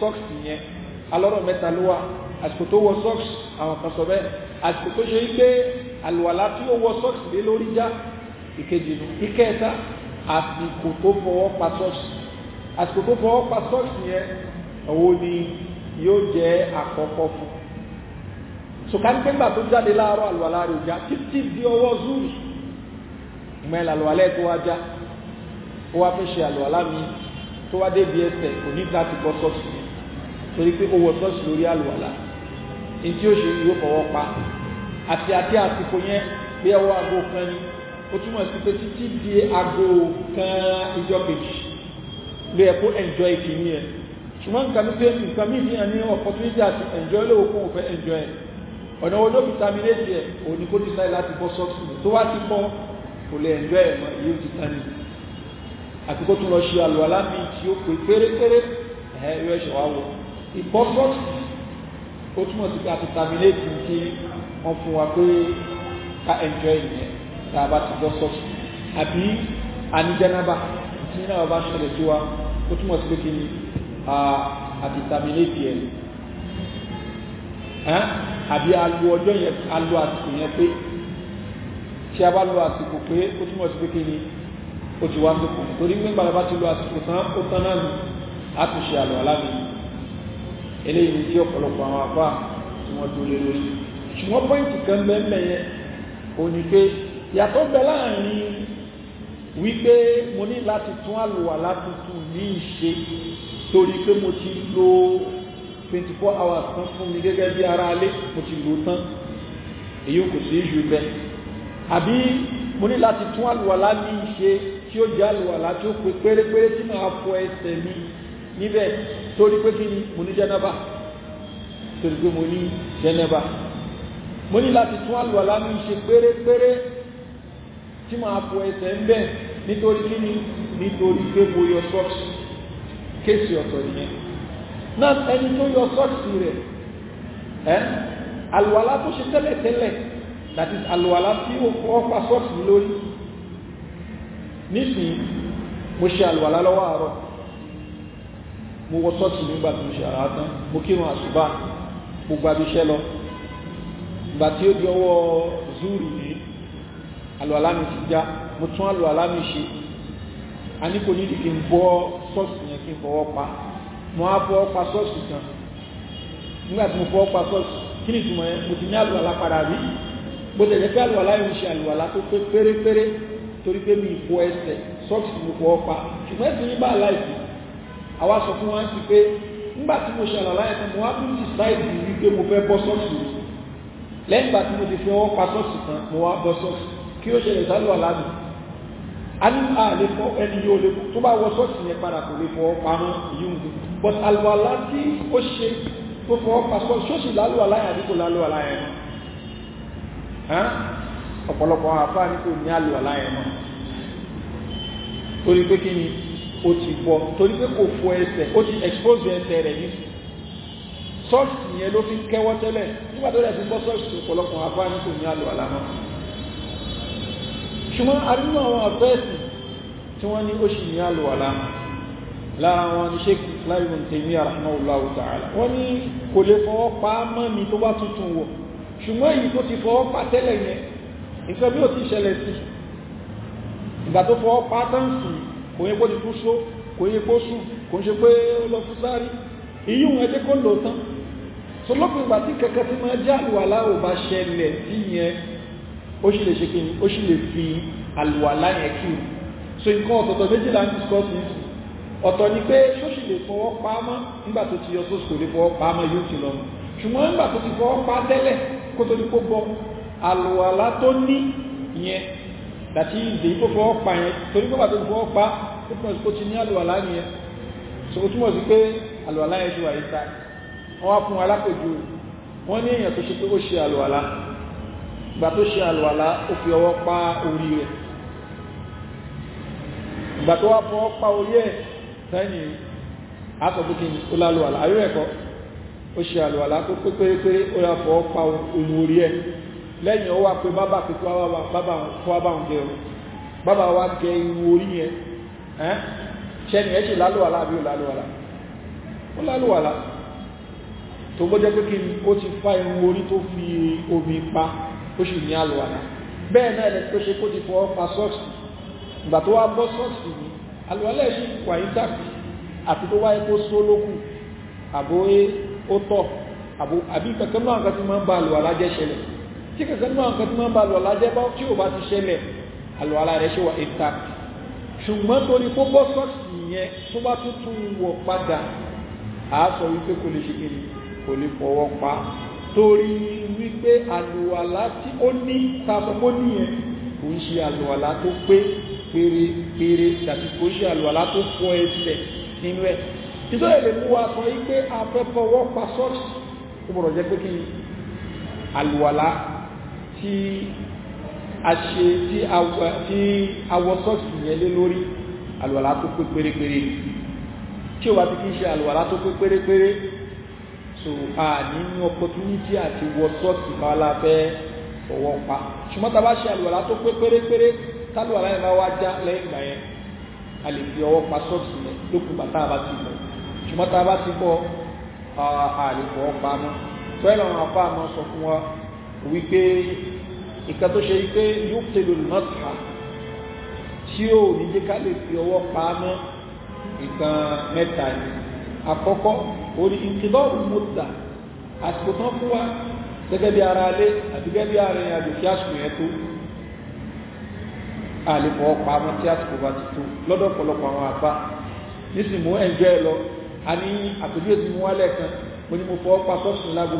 socks yẹn alọ́rọ̀ mẹ́ta ló wa àsìkò tó wọ socks àwọn kan sọ bẹ́ẹ̀ àsìkò tó ṣe pé àlùwàlá tí ó wọ socks lé lórí já ìkejì nù ìkẹta àsìkò tó fọwọ́ pa socks àsìkò tó fọwọ́ pa socks yẹn òun ni yóò jẹ́ àkọ́kọ́ fún sùkàńpẹ́gbà tó jáde láàárọ̀ àlùwàlá rẹ̀ já títí di ọwọ́ zuru ìmọ̀ẹ́lẹ̀ àlùwàlá ẹ̀ tó wá já ó wá fẹ́ ṣe àlùwàlá mi tó wá débi ẹsẹ̀ kò ní láti bọ́ sọ́ọ̀sì torí pé owó ọ̀tọ́sì lórí àlùwàlà ní tí ó ṣe yóò fọwọ́ pa àti àti àsìkò yẹn bí ẹwọ́ aago kan ni ó túmọ̀ sí pé títí di aago kan ìjọ kejì ló yẹ kó enjoy kìíní ẹ̀ ṣùgbọ́n nǹkan mi pé nǹkan mi fi ní opportunity àti enjoy lówó kó òun fẹ́ enjoy ẹ̀ ọ̀nà wo ló fi terminate ẹ̀ òun ni kó decide láti bọ́ sọ́ọ̀sì tó wá ti bọ́ kò lè enjoy ẹ̀ mọ́ èyí ò ti tán ni àti kó tún lọ ṣe àlùwàlá mi tí ó pè pérépéré ẹ̀ẹ́ yóò ṣe wá wọ̀ ìbọ́sọ̀tì ó túmọ̀ sí pé a ti terminate tí wọ́n fún wa pé ká enjoy ìyẹn tá a bá ti bọ́sọ̀tì àbí àníjẹ́nàbà tí náà bá ṣẹlẹ̀ sí wa ó túmọ̀ sí pé kí ni a ti terminate ẹ̀ àbí alu ọjọ́ yẹn alu àsìkò yẹn pé tí a bá lo àsìkò pé ó túmọ̀ sí pé kí ni ó ti wá sókun torí nígbà tí a bá ti lo àsìkò tán ó tán náà nù á tún ṣe àlọ́ aláàbò yìí eléyìí tí ọ̀pọ̀lọpọ̀ àwọn apá tí wọ́n tó lé lórí ṣùgbọ́n pọ́ìntì kan bẹ́ẹ̀ yẹn ò ní pé yàtọ̀ bẹ láàrin wípé mo ní láti tún àlùwà látúntún ní ìṣe torí pé mo ti lo 24 hours tán fún mi gẹ́gẹ́ bí ara alé mo ti lò tán èyí kò sí ìṣù bẹ́ẹ̀ àbí mo ní láti tún àlùwàlá ní ìṣe tí ó jẹ́ àlùwàlá tí ó pé pérépéré tí màá ẹsẹ̀ mi níbẹ̀ torí pé kí ni mo ní jẹ́nẹ́bà torí pé mo ní jẹ́nẹ́bà mo ní láti tún àlùwàlá mi ṣe pérépéré tí máa fọ ẹsẹ̀ ń bẹ̀ nítorí kí ni nítorí pé mo yọ sọ́ọ̀sì kéèsì ọ̀tọ̀ nìyẹn náà ẹni tó yọ sọ́ọ̀sì rẹ̀ ẹ́ àlùwàlá tó ṣe tẹ́lẹ̀tẹ́lẹ̀ that àlùwàlá tí ó pa sọ́ọ̀sì lórí nísìnyí mo ṣe àlùwàlá lọ́wọ́ àárọ̀ mo wọ sọ́ọ̀tì nígbà tí mo ṣe ara tán mo kírun àṣùbà mo gbàbí iṣẹ́ lọ ìgbà tí ó di ọwọ́ zúrì ní àlùwàlá mi ti já mo tún àlùwàlá mi ṣe a ní kò nídìí kí n bọ́ sọ́ọ̀sì yẹn kí n fọwọ́ pa mo á fọwọ́ pa sọ́ọ̀sì kan nígbà tí mo fọwọ́ pa sọ́ọ̀sì kí ni ìtumọ̀ yẹn mo ti ní àlùwàlá padà rí bó tẹ̀lé pé àlùwàlá yẹn ń ṣe àlùwàlá tó pé pérépéré torí pé mi ìfọ ẹsẹ̀ sọ́ọ̀sì mo fọwọ́ pa ṣùgbọ́n ẹ̀sìn àwa sọ fún wọn ti pé nígbà tí mo ṣàlọ́ láyé tán mo wá tún decide wípé mo fẹ́ bọ́ sọ́ọ̀sì lẹ́yìn ìgbà tí mo ti fi ọwọ́ pa sọ́ọ̀sì tán mo wá bọ́ sọ́ọ̀sì kí ó ṣẹlẹ̀ sálọ̀ àlàbì ani a lè fọ ẹni yóò lè tó bá wọ sọ́ọ̀sì yẹn padà kò lè fọ parun yìí nù but àlùwàlá tí ó ṣe tó fọ pa sọ́ọ̀sì ṣóṣì lálùwàlá yẹn àbí kò lálùwàlá yẹn hàn ọ̀pọ̀lọpọ̀ àfáà ní kò ní àlùwàlá yẹn mọ́ torí pé kí ni o ti bọ́ torí pé kò fọ ẹsẹ̀ ó ti expose ẹsẹ̀ rẹ̀ yìí sọ́ọ̀sì yẹn ló fi ń kẹ́wọ́ tẹ́lẹ̀ nígbà tó rẹ̀ ti bọ́ sọ́ọ̀sì ọ̀pọ̀lọpọ̀ afá ní kò ní àlọ́ àlámà ṣùgbọ́n arínú àwọn àfẹ́ẹ̀sì tí wọ́n ní ó sì ní àlọ́ àlámà lára wọn ni sheikh islam ibn tèmi rahimahullahu ta'ala wọ́n ní kò lè fọwọ́ pa á mọ́ mi tó bá tuntun wọ̀ ṣùgbọ́n èyí tó ti fọwọ́ pa tẹ́lẹ̀ yẹn nǹkan bí ó ti ṣẹlẹ̀ sí ìgbà tó fọwọ́ pa á tán sùn kò yẹ kó ti tún só kò yẹ kó sùn kò ń ṣe pé ó lọ fún sáré iyì wọn ẹjẹ kó lò tán so lópin ìgbà tí kẹ̀kẹ́ ti máa já àlùwàlá ò bá ṣẹlẹ̀ sí yẹn ó sì lè ṣe kí ni ó sì lè fi àlùwàlá yẹn kí ni so nǹkan ọ̀tọ̀ọ̀tọ̀ méjìlá ń discuss ní sùn ọ̀tọ̀ ni pé ṣó sì lè fọwọ́ pa á mọ́ nígbà tó ti yọ tó sì fọwọ́ pa á mọ́ yóò ti lọ ṣùgbọ́n nígbà tó ti fọwọ́ pa á tẹ́lẹ̀ kó tó ní kó bọ́ àlùwàlá tó ní yẹn dàtí ìdè tó fọwọ́ pa yẹn torí pé bàtó fọwọ́ pa ó túmọ̀ sí pé ó ti ní àlùwàlá yẹn so ó túmọ̀ sí pé àlùwàlá yẹn ti wà yìí ta wọ́n wá fún alákòjú wọ́n ní èèyàn tó ṣe pé ó ṣe àlùwàlá ìgbà tó ṣe àlùwàlá ó fi ọwọ́ pa orí rẹ̀ ìgbà tó wá fọwọ́ pa orí ẹ̀ sẹ́yìn àtọ̀bùkì ó lálùwàlá ayọ́ ẹ̀kọ́ ó ṣe àlùwàlá tó pé pérépéré ó yà fọwọ́ pa orí ẹ̀ lẹ́yìn ọwọ́ pé bàbá pé kó wá bá wọn gẹ irun bàbá wa gẹ irun orí yẹn ṣẹ́ni ẹ̀ ṣe lálùwàlá àbí ò lálùwàlá ó lálùwàlá tó gbọ́jẹ́ pé kí ó ti fá irun orí tó fi omi pa ó sì ní àlùwàlá bẹ́ẹ̀ náà lẹ́tí tó ṣe kó ti fọwọ́ pa sọ́ọ̀sì ìgbà tó wá bọ́ sọ́ọ̀sì ní àlùwàlá ẹ̀ṣì wà ní tàbí àti tó wáyé kó só lókù àbó ó tọ̀ àbí kankan náà kan ti máa ń ba àlùwàlá jẹ́ ṣẹlẹ̀ tí kankan náà kan tí wọ́n bá lọ́la jẹ́ bá tí ò bá ti ṣẹlẹ̀ àlọ́la rẹ̀ ṣe wà ìta ṣùgbọ́n torí kó bọ́ sọ́ọ̀sì yẹn tó bá tún tún wọ̀ padà á sọ wípé kò lè ṣe kí ni kò lè fọwọ́ pa torí wípé àlùwàlá tí ó ní tasọ́pọ̀ nìyẹn kò ń ṣe àlùwàlá tó pé pérépéré tàbí kò ń ṣe àlùwàlá tó fọ ẹsẹ̀ nínú ẹ̀ ìtọ́ èlè mú wa sọ wípé afẹ́fọwọ́ pa sọ́ọ̀sì ó gbọ́dọ̀ jẹ́ pé kí ni àlùwàlá tí a ṣe tí awọ sọ́ọ̀sì yẹn lé lórí àlùwàlá tó pé pérépéré tí o bá ti kí ṣe àlùwàlá tó pé pérépéré so a ní ní opportunity àti wọ sọ́ọ̀sì bá la fẹ́ fọwọ́ pa ṣùgbọ́n tá a bá ṣe àlùwàlá tó pé pérépéré tálùwàlá yẹn bá wá já lẹ́yìn ìgbà yẹn a lè fi ọwọ́ pa sọ́ọ̀sì yẹn lókun bàtà bá ti bọ̀ ṣùgbọ́n tá bá ti bọ̀ a lè fọwọ́ pa mọ́ tọ́yìn làwọn afá sọ fún wa wípé nǹkan tó ṣe wípé yóò tẹ̀lé olùmọ̀tà tí ó ní jẹ́ ká lè fi ọwọ́ pa á mọ́ nǹkan mẹ́ta ni àkọ́kọ́ orí ìkìlọ̀ mọ́tà àsìkò tán fún wa gẹ́gẹ́ bí ara alé àti gẹ́gẹ́ bí ara ìrìn àjò àsìkò yẹn tó àlefọ̀ ọ̀pá àwọn tí àsìkò bá ti tó lọ́dọ̀ ọ̀pọ̀lọpọ̀ àwọn àbá nísìnyí mo ẹ̀jọ́ ẹ lọ a ní àpèjúwe tí mo wálẹ̀ kan mo ní mo fọ́ ọ̀pá sọ́ọ̀sì láago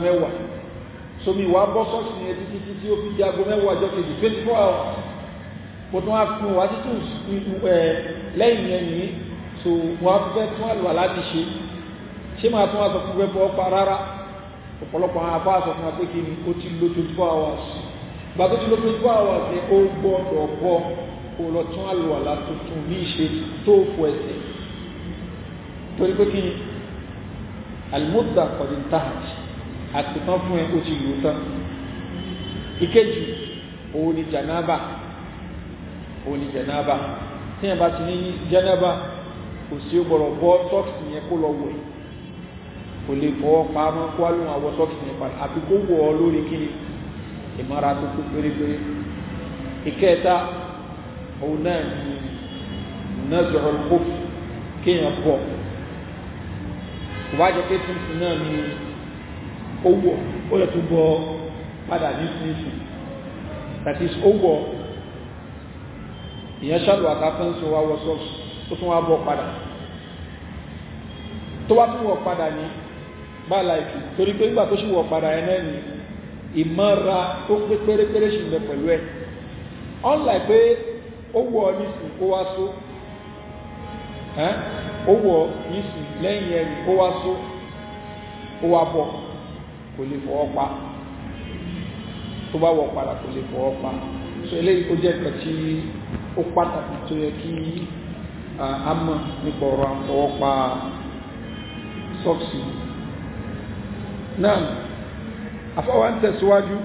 somi wàá bọ́ ṣọ́ọ̀ṣì yẹn títí títí ó fi di aago mẹ́wàá ọjọ́ kejì twenty four hours mo tún wá fún wa títún lẹ́yìn yẹn nìyí so wọ́n fẹ́ tún àlùwà láti ṣe ṣé máa tún wá sọ fún fẹ́fọ́ ọ̀pá rárá ọ̀pọ̀lọpọ̀ àwọn afá sọ fún wa ti lo twenty four hours gba tó ti lo twenty four hours yẹn ó gbọ́dọ̀ bọ́ kó lọ tún àlùwà látúntún ní ìṣe tó fọ ẹsẹ̀ torí pé kí ni àlùmọ́tà kọ̀dí ń àtìtán fún ẹ ó ti lò tán ìkejì òun ni janaba òun ni janaba tí ẹ bá ti ní janaba kò sí ó gbọ́dọ̀ bọ́ yẹn kó lọ kò lè kó yẹn padà kó lórí kí ni ìmọ̀ra tó kú pérépéré ìkẹta òun náà ni kófù kéèyàn pọ̀ kò bá jẹ́ tuntun náà O wọ̀ ó yẹ tó pada padà ní that is ó ìyẹn ṣàlù àtàkùn wa wọ sọ́ọ̀sì tún wá bọ́ padà tó wá tún wọ̀ padà ní báàláìkì torí pé nígbà tó sì wọ̀ padà ẹ̀ náà ni ìmọ̀ra tó pé pérépéré sì lẹ pẹ̀lú ẹ̀ unlike pé ó wọ̀ nísìn ó wá só ó wọ̀ nísìn lẹ́yìn kò lè fọwọ́ pa tó bá wọ̀ padà kò lè fọwọ́ pa so eléyìí ó jẹ́ nǹkan tí ó pàtàkì tó yẹ kí a mọ̀ nípa ọ̀rọ̀ àfọwọ́pa sọ́ọ̀sì náà afọwọ́ ń tẹ̀síwájú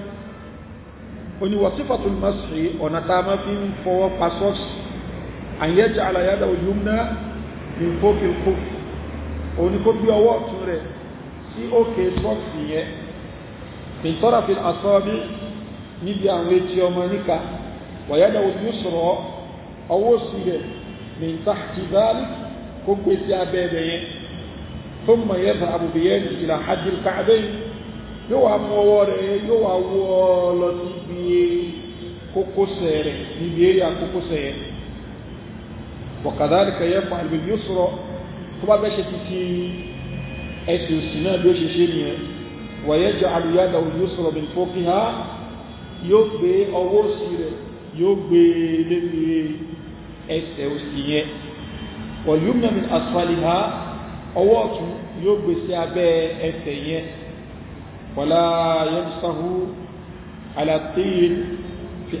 oníwọ̀sífàtún masri ọ̀nà tá a máa fi ń fọwọ́ pa sọ́ọ̀sì àyẹ́jẹ́ àlàyádà òyìnbó ní fókè kó òní kó gbé ọwọ́ ọ̀tún rẹ̀ sí òkè sọ́ọ̀sì yẹn fi tarafi al-asabi níbi àwọn etí ọmọ níka wàyádà ojú sọ̀rọ̀ ọwọ́ sí rẹ̀ ní tahti dhalik kó gbé sí abẹ́ẹ̀bẹ̀ yẹn thumma yadhhabu bi yadihi ila haddi al-ka'bayn yóò wá mú ọwọ́ rẹ̀ yóò wá wọ́ lọ síbi kókósẹ̀ rẹ̀ níbi eré àkókósẹ̀ yẹn وكذلك يفعل باليسرى tó bá bẹ́ ṣe ti ti òsì náà bí ó ṣe ṣe nìyẹn ويجعل يده اليسرى من فوقها yóò gbé ọwọ́ sí rẹ̀ yóò gbé lébi ẹsẹ̀ òsì yẹn wọ̀lúmọ̀ min asfaliha ọwọ́ ọ̀tún yóò gbé sí abẹ́ ẹsẹ̀ yẹn wala yamsahu ala tin fi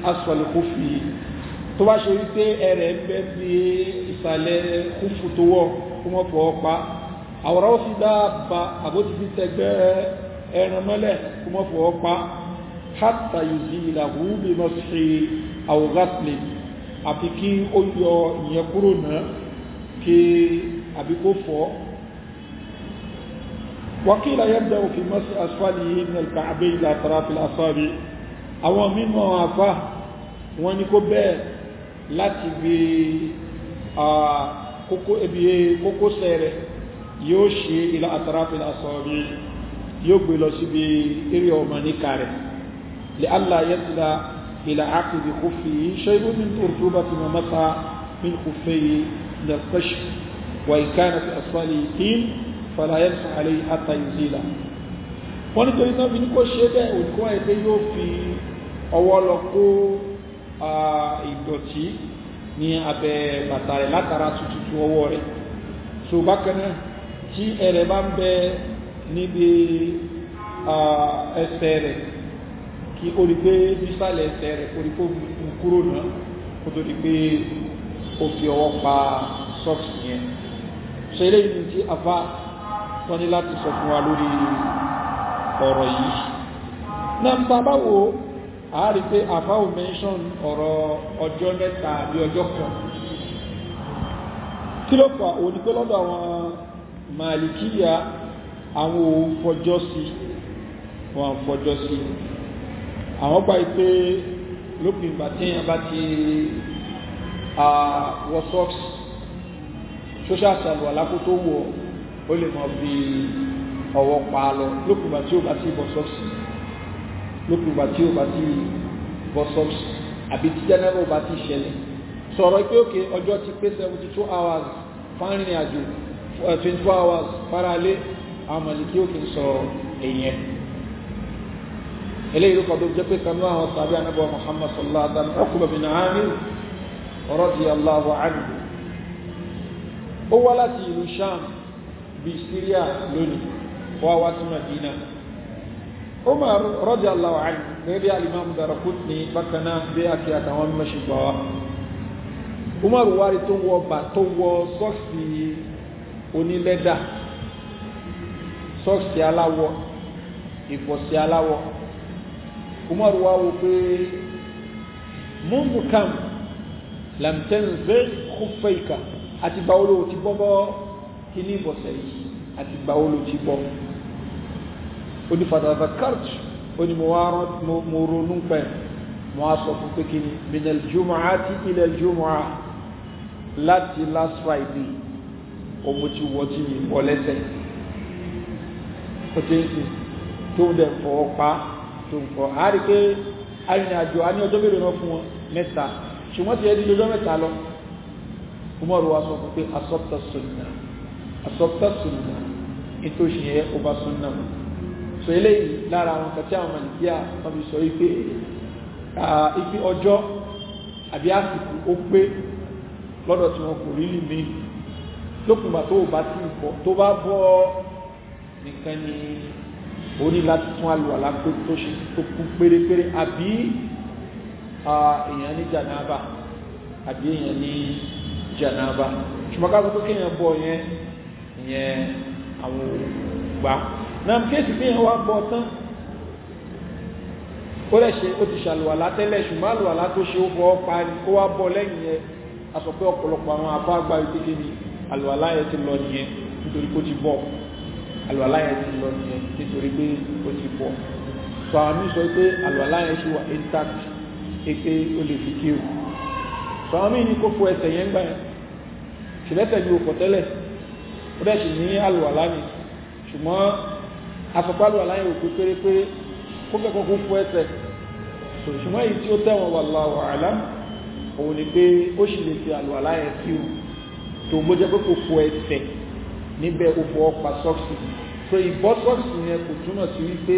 ẹran mẹ́lẹ̀ kó mọ́ fọwọ́ pa hátà yìí ìlàhù bí mọ́ sí àwògásílì àfi kí ó yọ ìyẹn kúrò náà kí àbí fọ́ وقيل يبدأ في مس أسفله من الكعبين إلى أطراف الأصابع àwọn mímọ̀ àfá wọn ni kó bẹ́ẹ̀ láti bí kókó ẹbí kókó sẹ́rẹ̀ yóò ṣe إلى أطراف الأصابع yóò gbé lọ síbi eré ọmọ níka rẹ̀ lè allah yẹtìlá ìlà àkùdì kò fi ṣẹ́gun ní òrùtú bá ti mọ mọ́ta ní kò fẹ́ yìí ní ọ̀pẹ́ṣù wà ìkànnì àṣàlì ìhìn fàlàyé sàlẹ̀ àtà ìzìlà wọ́n nítorí náà bí ní kò ṣe bẹ́ẹ̀ òkú ẹgbẹ́ yóò fi ọwọ́ lọ kó ìdọ̀tí ní abẹ́ bàtà rẹ̀ látara tuntun ọwọ́ rẹ̀ so bákan náà tí ẹ̀rẹ̀ bá ń bẹ́ẹ̀ níbi ẹsẹ̀ rẹ̀ kí ó rí pé sísàlẹ̀ ẹsẹ̀ rẹ̀ kó rí pé mú kúrò náà kó tó rí pé ó fi ọwọ́ pa socks yẹn ṣe eléyìí ní ti afa wọ́n ní láti sọ fún wa lórí ọ̀rọ̀ yìí nọ́mbà báwo a rí pé afa ò mention ọ̀rọ̀ ọjọ́ mẹ́ta àbí ọjọ́ kan kí ló fà o ni pé lọ́dọ̀ àwọn màlìkíyà àwọn ò fọjọ́ sí wọn fọjọ́ sí àwọn gbà pé lópin ìgbà tí èèyàn bá ti wọ socks social salwa lákó tó wọ ó lè mọ bí ọwọ́ pa á lọ lópin ìgbà tí ó bá ti bọ socks lópin ìgbà tí ó bá ti bọ socks àbí tí jẹ́nẹ́rọ̀ bá ti ṣẹlẹ̀ sọ̀rọ̀ pé òkè ọjọ́ ti pé 72 hours fárin àjò 24 hours faralé àwọn mọ̀lìkí ò kì í sọ èèyàn eléyìí lókọ̀ tó jẹ́ pé kanú àwọn sàbí anábọ̀ Muhammad sallallahu alaihi wa sallam Uqba bin Amir radiyallahu anhu ó wá láti ìlú Sham bí Syria lónìí wá wá sí Madina Umar radiyallahu anhu gẹ́gẹ́ alimami Daraqutni bákan náà bí akẹ́ àtàwọn mẹ́ṣùgbọ́n wa Umar wárí tó wọ bà tó wọ sọ́ọ̀sì onílẹ́dà sọ́ọ̀sì aláwọ̀ ìbọ̀sì aláwọ̀ Umar wa wo pé mundu kam lam tanzi khuffayka àti gbà olówó ti bọ́ bọ́ kíní ìbọ̀sẹ̀ yìí àti gbà olówó ti bọ́ onífàdàdà kart oní mo wá mo ronú pẹ́ mo wá sọ fún pé kíní minal jumu'ati ila al láti last Friday ọmọ tí wọ́n ti yìnbọn lẹ́sẹ̀ yìí ó ti ń sìn tó ń dẹ̀ fọwọ́ pa tó ń fọ́ àárí pé arìnrìn a ní ọjọ́ mélòó náà fún wọn mẹ́ta ṣùgbọ́n ti ẹni lọ́jọ́ mẹ́ta lọ Umar wa sọ fún pé asọ́pítà sunna asọ́pítà sunna ètò ìṣìyẹ ọba sunna mu sọ eléyìí lára àwọn kàtí àwọn màlìkíà wọn fi sọ ife ife ọjọ́ àbí àsìkò ó pé lọ́dọ̀ tí wọn kò rí lì mí lókùnbà tó bá tí ì bọ́ tó bá bọ́ ọ nìkan ni ó ní láti tún àlùwàlá tó ṣe tó kú pérépéré àbí èèyàn ní jànáàbà àbí èèyàn ní jànáàbà ṣùgbọ́n ká sọ pé kéèyàn bọ̀ yẹn ìyẹn àwọn ògbà náà kéèsì kéèyàn wá bọ̀ tán ó lè ṣe ó ti ṣàlùwàlá tẹ́lẹ̀ ṣùgbọ́n àlùwàlá tó ṣe ó fọ́ parí ó wá bọ́ lẹ́yìn yẹn a sọ pé ọ̀pọ̀lọpọ̀ àwọn àbá àgbà ìdíje ni àlùwàlá yẹn ti lọ nìyẹn nítorí kó ti bọ̀ àlùwàlá yẹn ti lọ nìyẹn nítorí pé ó ti bọ̀ sọ àwọn míì sọ pé àlùwàlá yẹn ṣe wà intact pé ó lè fi kí o sọ àwọn míì ní kó fọ ẹsẹ̀ yẹn gbà yẹn ṣùgbẹ́sẹ̀ ju òkò tẹ́lẹ̀ ó dẹ̀ sì ní àlùwàlá ni ṣùgbọ́n asọ̀pá àlùwàlá yẹn ò pé pérépéré kó kẹ́kọ̀ọ́ kó fọ ẹsẹ̀ ṣùgbọ́n èyí tí ó tẹ̀wọ̀n wallahu a'lam òun ni pé ó sì lè fi àlùwàlá yẹn kí o tó gbọ́jẹ́ pé kò fọ ẹsẹ̀ níbẹ̀ ó fọ ọ̀pá sọ́ọ̀sì so ìbọ́sọ̀sì yẹn kò túmọ̀ sí wípé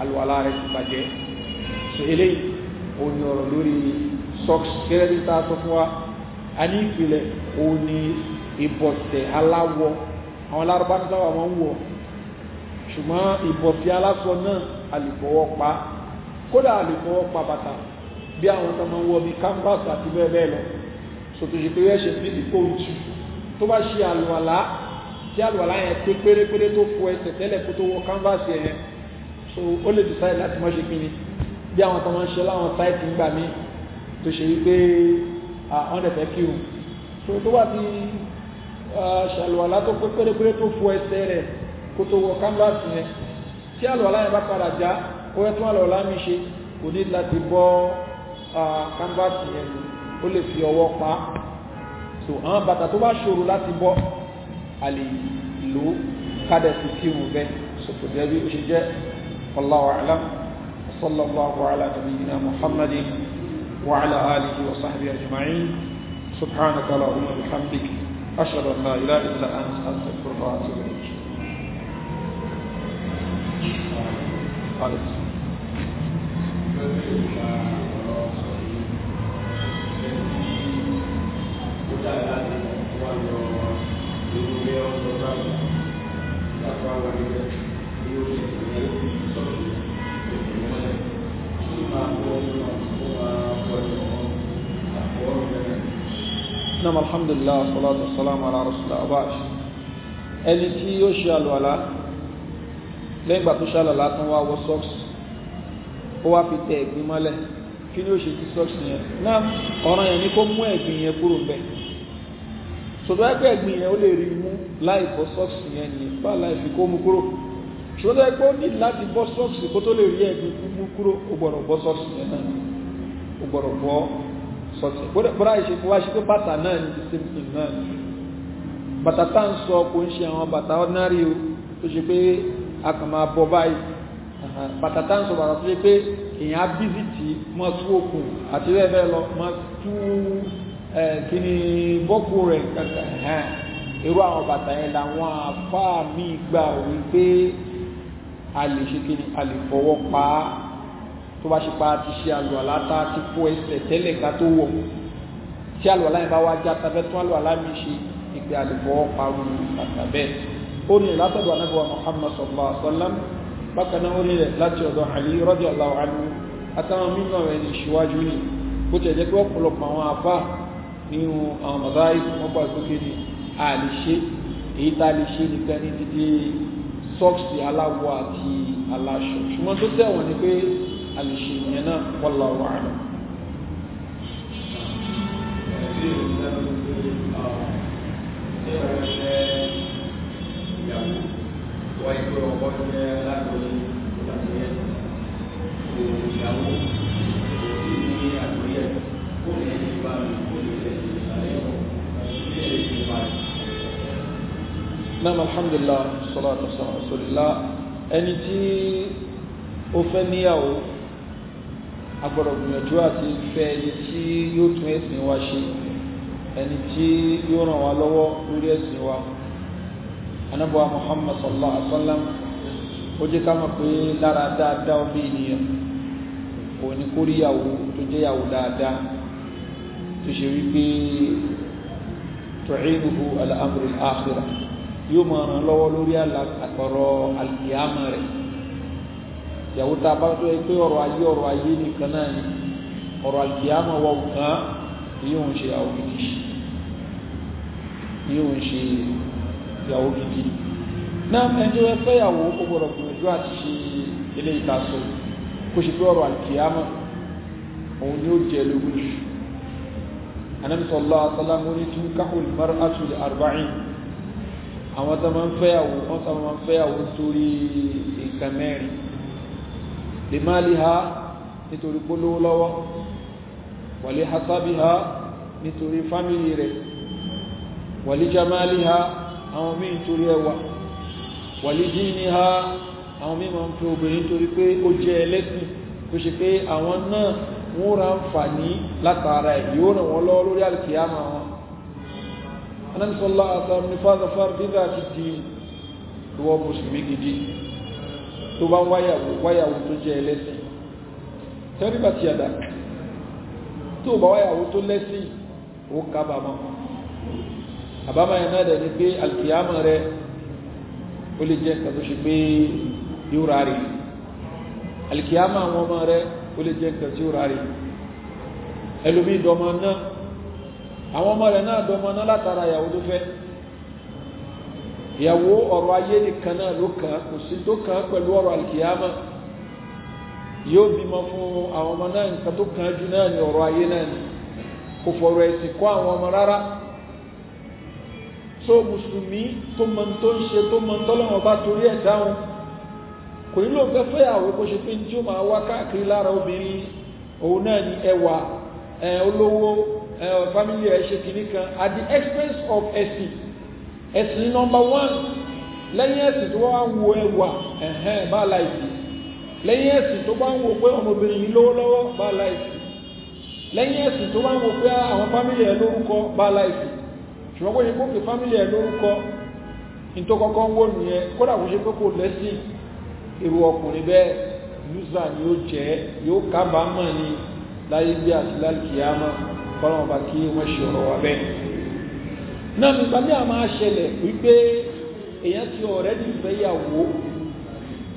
àlùwàlá rẹ̀ ti bàjẹ́ so eléyìí òun ọ̀rọ̀ lórí socks gẹ́gẹ́ bí tá a sọ fún wa a ní ìpìlẹ̀ òun ni ìbọ̀tẹ̀ aláwọ̀ àwọn lárúbá ní sábà wọn ń wọ̀ ṣùgbọ́n ìbọ̀tẹ̀ aláṣọ náà àlùbọ̀wọ́ pa kódà àlùbọ̀wọ́ pa bàtà bí àwọn tó máa ń wọ̀ bí canvas àti bẹ́ẹ̀ bẹ́ẹ̀ lọ so tó ṣe pé ẹ̀ṣẹ̀ fi ìpò òtù tó bá ṣe àlùwàlá tí àlùwàlá yẹn pé pérépéré tó fọ ẹsẹ̀ tẹ́lẹ̀ kó tó wọ kánfàsì yẹn so ó lè decide láti mọ́ ṣe kí ni bí àwọn tó máa ń ṣe láwọn sáìtì ńgbà mí tó ṣe wípé àwọn dẹ̀ fẹ́ kí o so tó wà ti ṣàlùwàlá tó pé pérépéré tó fọ ẹsẹ̀ rẹ̀ kó tó wọ kánfàsì yẹn tí àlùwàlá yẹn bá padà já ó yẹ tún àlùwàlá mi ṣe kò ní láti bọ́ kánfàsì yẹn ó lè fi ọwọ́ pa so àwọn bàtà tó bá ṣòro láti bọ́ a lè lò kádẹ̀ fi kírun bẹ́ẹ̀ sọ̀tò jẹ́ bí ó ṣe jẹ́ wallahu a'lam sallallahu ala nabiyyina muhammadin wa ala alihi wa sahbihi ajma'in subhanaka allahumma wa bihamdik ashhadu an la ilaha illa anta astaghfiruka wa atubu ilayk Thank you. one year old. nam alhamdulillah salatu wassalamu ala rasulillah abash ẹni tí yóò ṣe àlùwàlá lẹ́yìn ìgbà tó ṣàlàlá tán wá wọ socks ó wá fi tẹ ẹ̀gbin mọ́lẹ̀ kí ni ó ṣe ti socks yẹn náà ọ̀ràn yẹn ni kó mú ẹ̀gbin yẹn kúrò bẹ́ẹ̀ sọdọ́ ẹgbẹ́ ẹ̀gbìn yẹn ó lè rí mú láì bọ́ sọ́ọ̀sì yẹn ni bá láì fi kó mú kúrò sọdọ́ ẹgbẹ́ ó ní láti bọ́ sọ́ọ̀sì kó tó lè rí ẹ̀gbìn mú kúrò ó gbọ́dọ̀ bọ́ sọ́ọ̀sì yẹn náà ó gbọ́dọ̀ bọ́ sọ́ọ̀sì bọ́dà ìṣe fún wa ṣe pé bàtà náà ní the same thing náà ní bàtà tá à ń sọ kò ń ṣe àwọn bàtà ordinary o tó ṣe pé a kàn máa bọ báyìí bàtà tá à ń sọ bàtà tó ṣe pé èèyàn á bísítì mọ́ tú òkun àti bẹ́ẹ̀ bẹ́ẹ̀ lọ mọ́ tú kíni bọ́kù rẹ̀ kankan hàn irú àwọn bàtà yẹn làwọn àfáà mi gbà wípé a lè ṣe kíni a lè fọwọ́ pa á tó bá ṣe pa á ti ṣe àlọ́ àlátá ti kó ẹsẹ̀ tẹ́lẹ̀ ká tó wọ̀ tí àlọ́ àlá bá wá já tàbí tún àlọ́ àlá ṣe ìgbé a pa rú bàtà ó ní látọ̀dọ̀ anábọ̀ Muhammad sallallahu alaihi wasallam bákan náà ó ní rẹ̀ láti ọ̀dọ̀ Ali radiyallahu anhu àtàwọn mímọ̀ rẹ̀ ní ìṣíwájú ni bó tẹ̀ jẹ́ pé ọ̀pọ̀lọpọ̀ àwọn àfáà nínú àwọn mọ̀sáì wọ́n gbà pé kí ni a lè ṣe èyí tá a lè ṣe nìkan ní dídé sọ́ọ̀sì aláwọ̀ àti aláṣọ ṣùgbọ́n tó tẹ̀wọ̀n ni pé a lè ṣe ìyẹn náà wallahu a'lam. Thank you náà alhamdulillah salatu wasalam rasulillah ẹni tí ó fẹ́ níyàwó agbọ́dọ̀ gbìyànjú àti fẹ́ ẹni tí yóò tún ẹ̀sìn wa ṣe ẹni tí yóò ràn wá lọ́wọ́ lórí ẹ̀sìn wa anábọ̀wá muhammad sallallahu alaihi wa sallam ó jẹ́ ká mọ̀ pé lára dáadáa ọmọ ènìyàn òní kóríyàwó tó jẹ́yàwó dáadáa tó ṣe wípé tu'inuhu ala amri al-akhirah yóò máa ràn lọ́wọ́ lórí àtọ̀rọ̀ alkiyama rẹ̀ ìyàwó tá a bá tó yẹ pé ọ̀rọ̀ ayé ọ̀rọ̀ ayé nìkan náà ni ọ̀rọ̀ alkiyama wọ̀ nǹkan yóò ń ṣe àwọn gidi yóò ń ṣe ìyàwó gidi náà ẹjọ́ ẹgbẹ́ ìyàwó ó gbọ́dọ̀ gbìyànjú àti ṣe ilé ìtaso kó ṣe pé ọ̀rọ̀ alkiyama òun ni ó jẹ lógún jù anábì sallallahu alaihi wasallam ní tún káhùn mar'atu li arba'in àwọn tó máa ń fẹ́yàwó wọ́n tó máa ń fẹ́yàwó torí nǹkan mẹ́rin lè máa lè ha nítorí polówó lọ́wọ́ wàlé hasabi ha nítorí fámìlì rẹ̀ wàlé jamali ha àwọn míì torí ẹwà wàlé díìní ha àwọn míì máa ń fi obìnrin torí pé ó jẹ́ ẹlẹ́sìn tó ṣe pé àwọn náà wọ́n ra ń fà ní látara ẹ̀ yóò ràn wọ́n lọ́wọ́ lórí alkiyama wọn anamisọ́lá àtàwọn ní fàzàfàr bíbá ti di ìwọ mùsùlùmí gidi tó bá ń wáyàwó wáyàwó tó jẹ́ ẹlẹ́sìn tẹ́rìbà ti àdá tó bá wáyàwó tó lẹ́sìn ó kábàámọ̀ àbámọ̀ ẹ̀ náà dẹ̀ pé alkiyama rẹ̀ ó lè jẹ́ nǹkan ṣe pé yóò rárí alkiyama àwọn ọmọ rẹ̀ ó lè jẹ́ nǹkan tí ó ráre ẹlòmí ìdọmọ náà àwọn ọmọ rẹ̀ náà dọmọ náà látara ìyàwó tó fẹ́ ìyàwó ọ̀rọ̀ ayé nìkan náà ló kàn kò sí tó kàn pẹ̀lú ọ̀rọ̀ àlìkìyàmà yóò bímọ fún àwọn ọmọ náà nǹkan tó kàn jù náà ní ọ̀rọ̀ ayé náà ni kò fọ̀rọ̀ ẹ̀sìn kọ́ àwọn ọmọ rárá so mùsùlùmí tó mọ tó ń ṣe tó mọ tọ́lọ́wọ́n bá torí ẹ̀ dáhùn kò nílò fẹ́ fẹ́yàwó kó ṣe pé tí ó máa wá káàkiri lára obìnrin òun náà ni ẹwà olówó family ẹ̀ ṣe kìíní kan at the expense of ẹ̀sìn ẹ̀sìn nọmba one lẹ́yìn ẹ̀sìn tó bá ń wo ẹwà ẹ̀hẹ́n bá láìsí lẹ́yìn ẹ̀sìn tó bá ń wo pé ọmọbìnrin yìí lọ́wọ́lọ́wọ́ bá láìsí lẹ́yìn ẹ̀sìn tó bá ń wo pé àwọn fámílì ẹ̀ lórúkọ bá láìsí ṣùgbọ́n kò ṣe kó fi lórúkọ ní ń wò nìyẹn kódà kò ṣe pé kò lẹ́sìn irú ọkùnrin bẹ́ẹ̀ yúzà ni ó jẹ́ yóò kábàámọ̀ ni láyé bí àti lálùkìyàmọ̀ fọ́nà bá kí wọ́n ṣe ọ̀rọ̀ wa bẹ́ẹ̀ náà nígbà bí a máa ṣẹlẹ̀ wípé èèyàn ti ọ̀rẹ́ nífẹ̀ẹ́ ìyàwó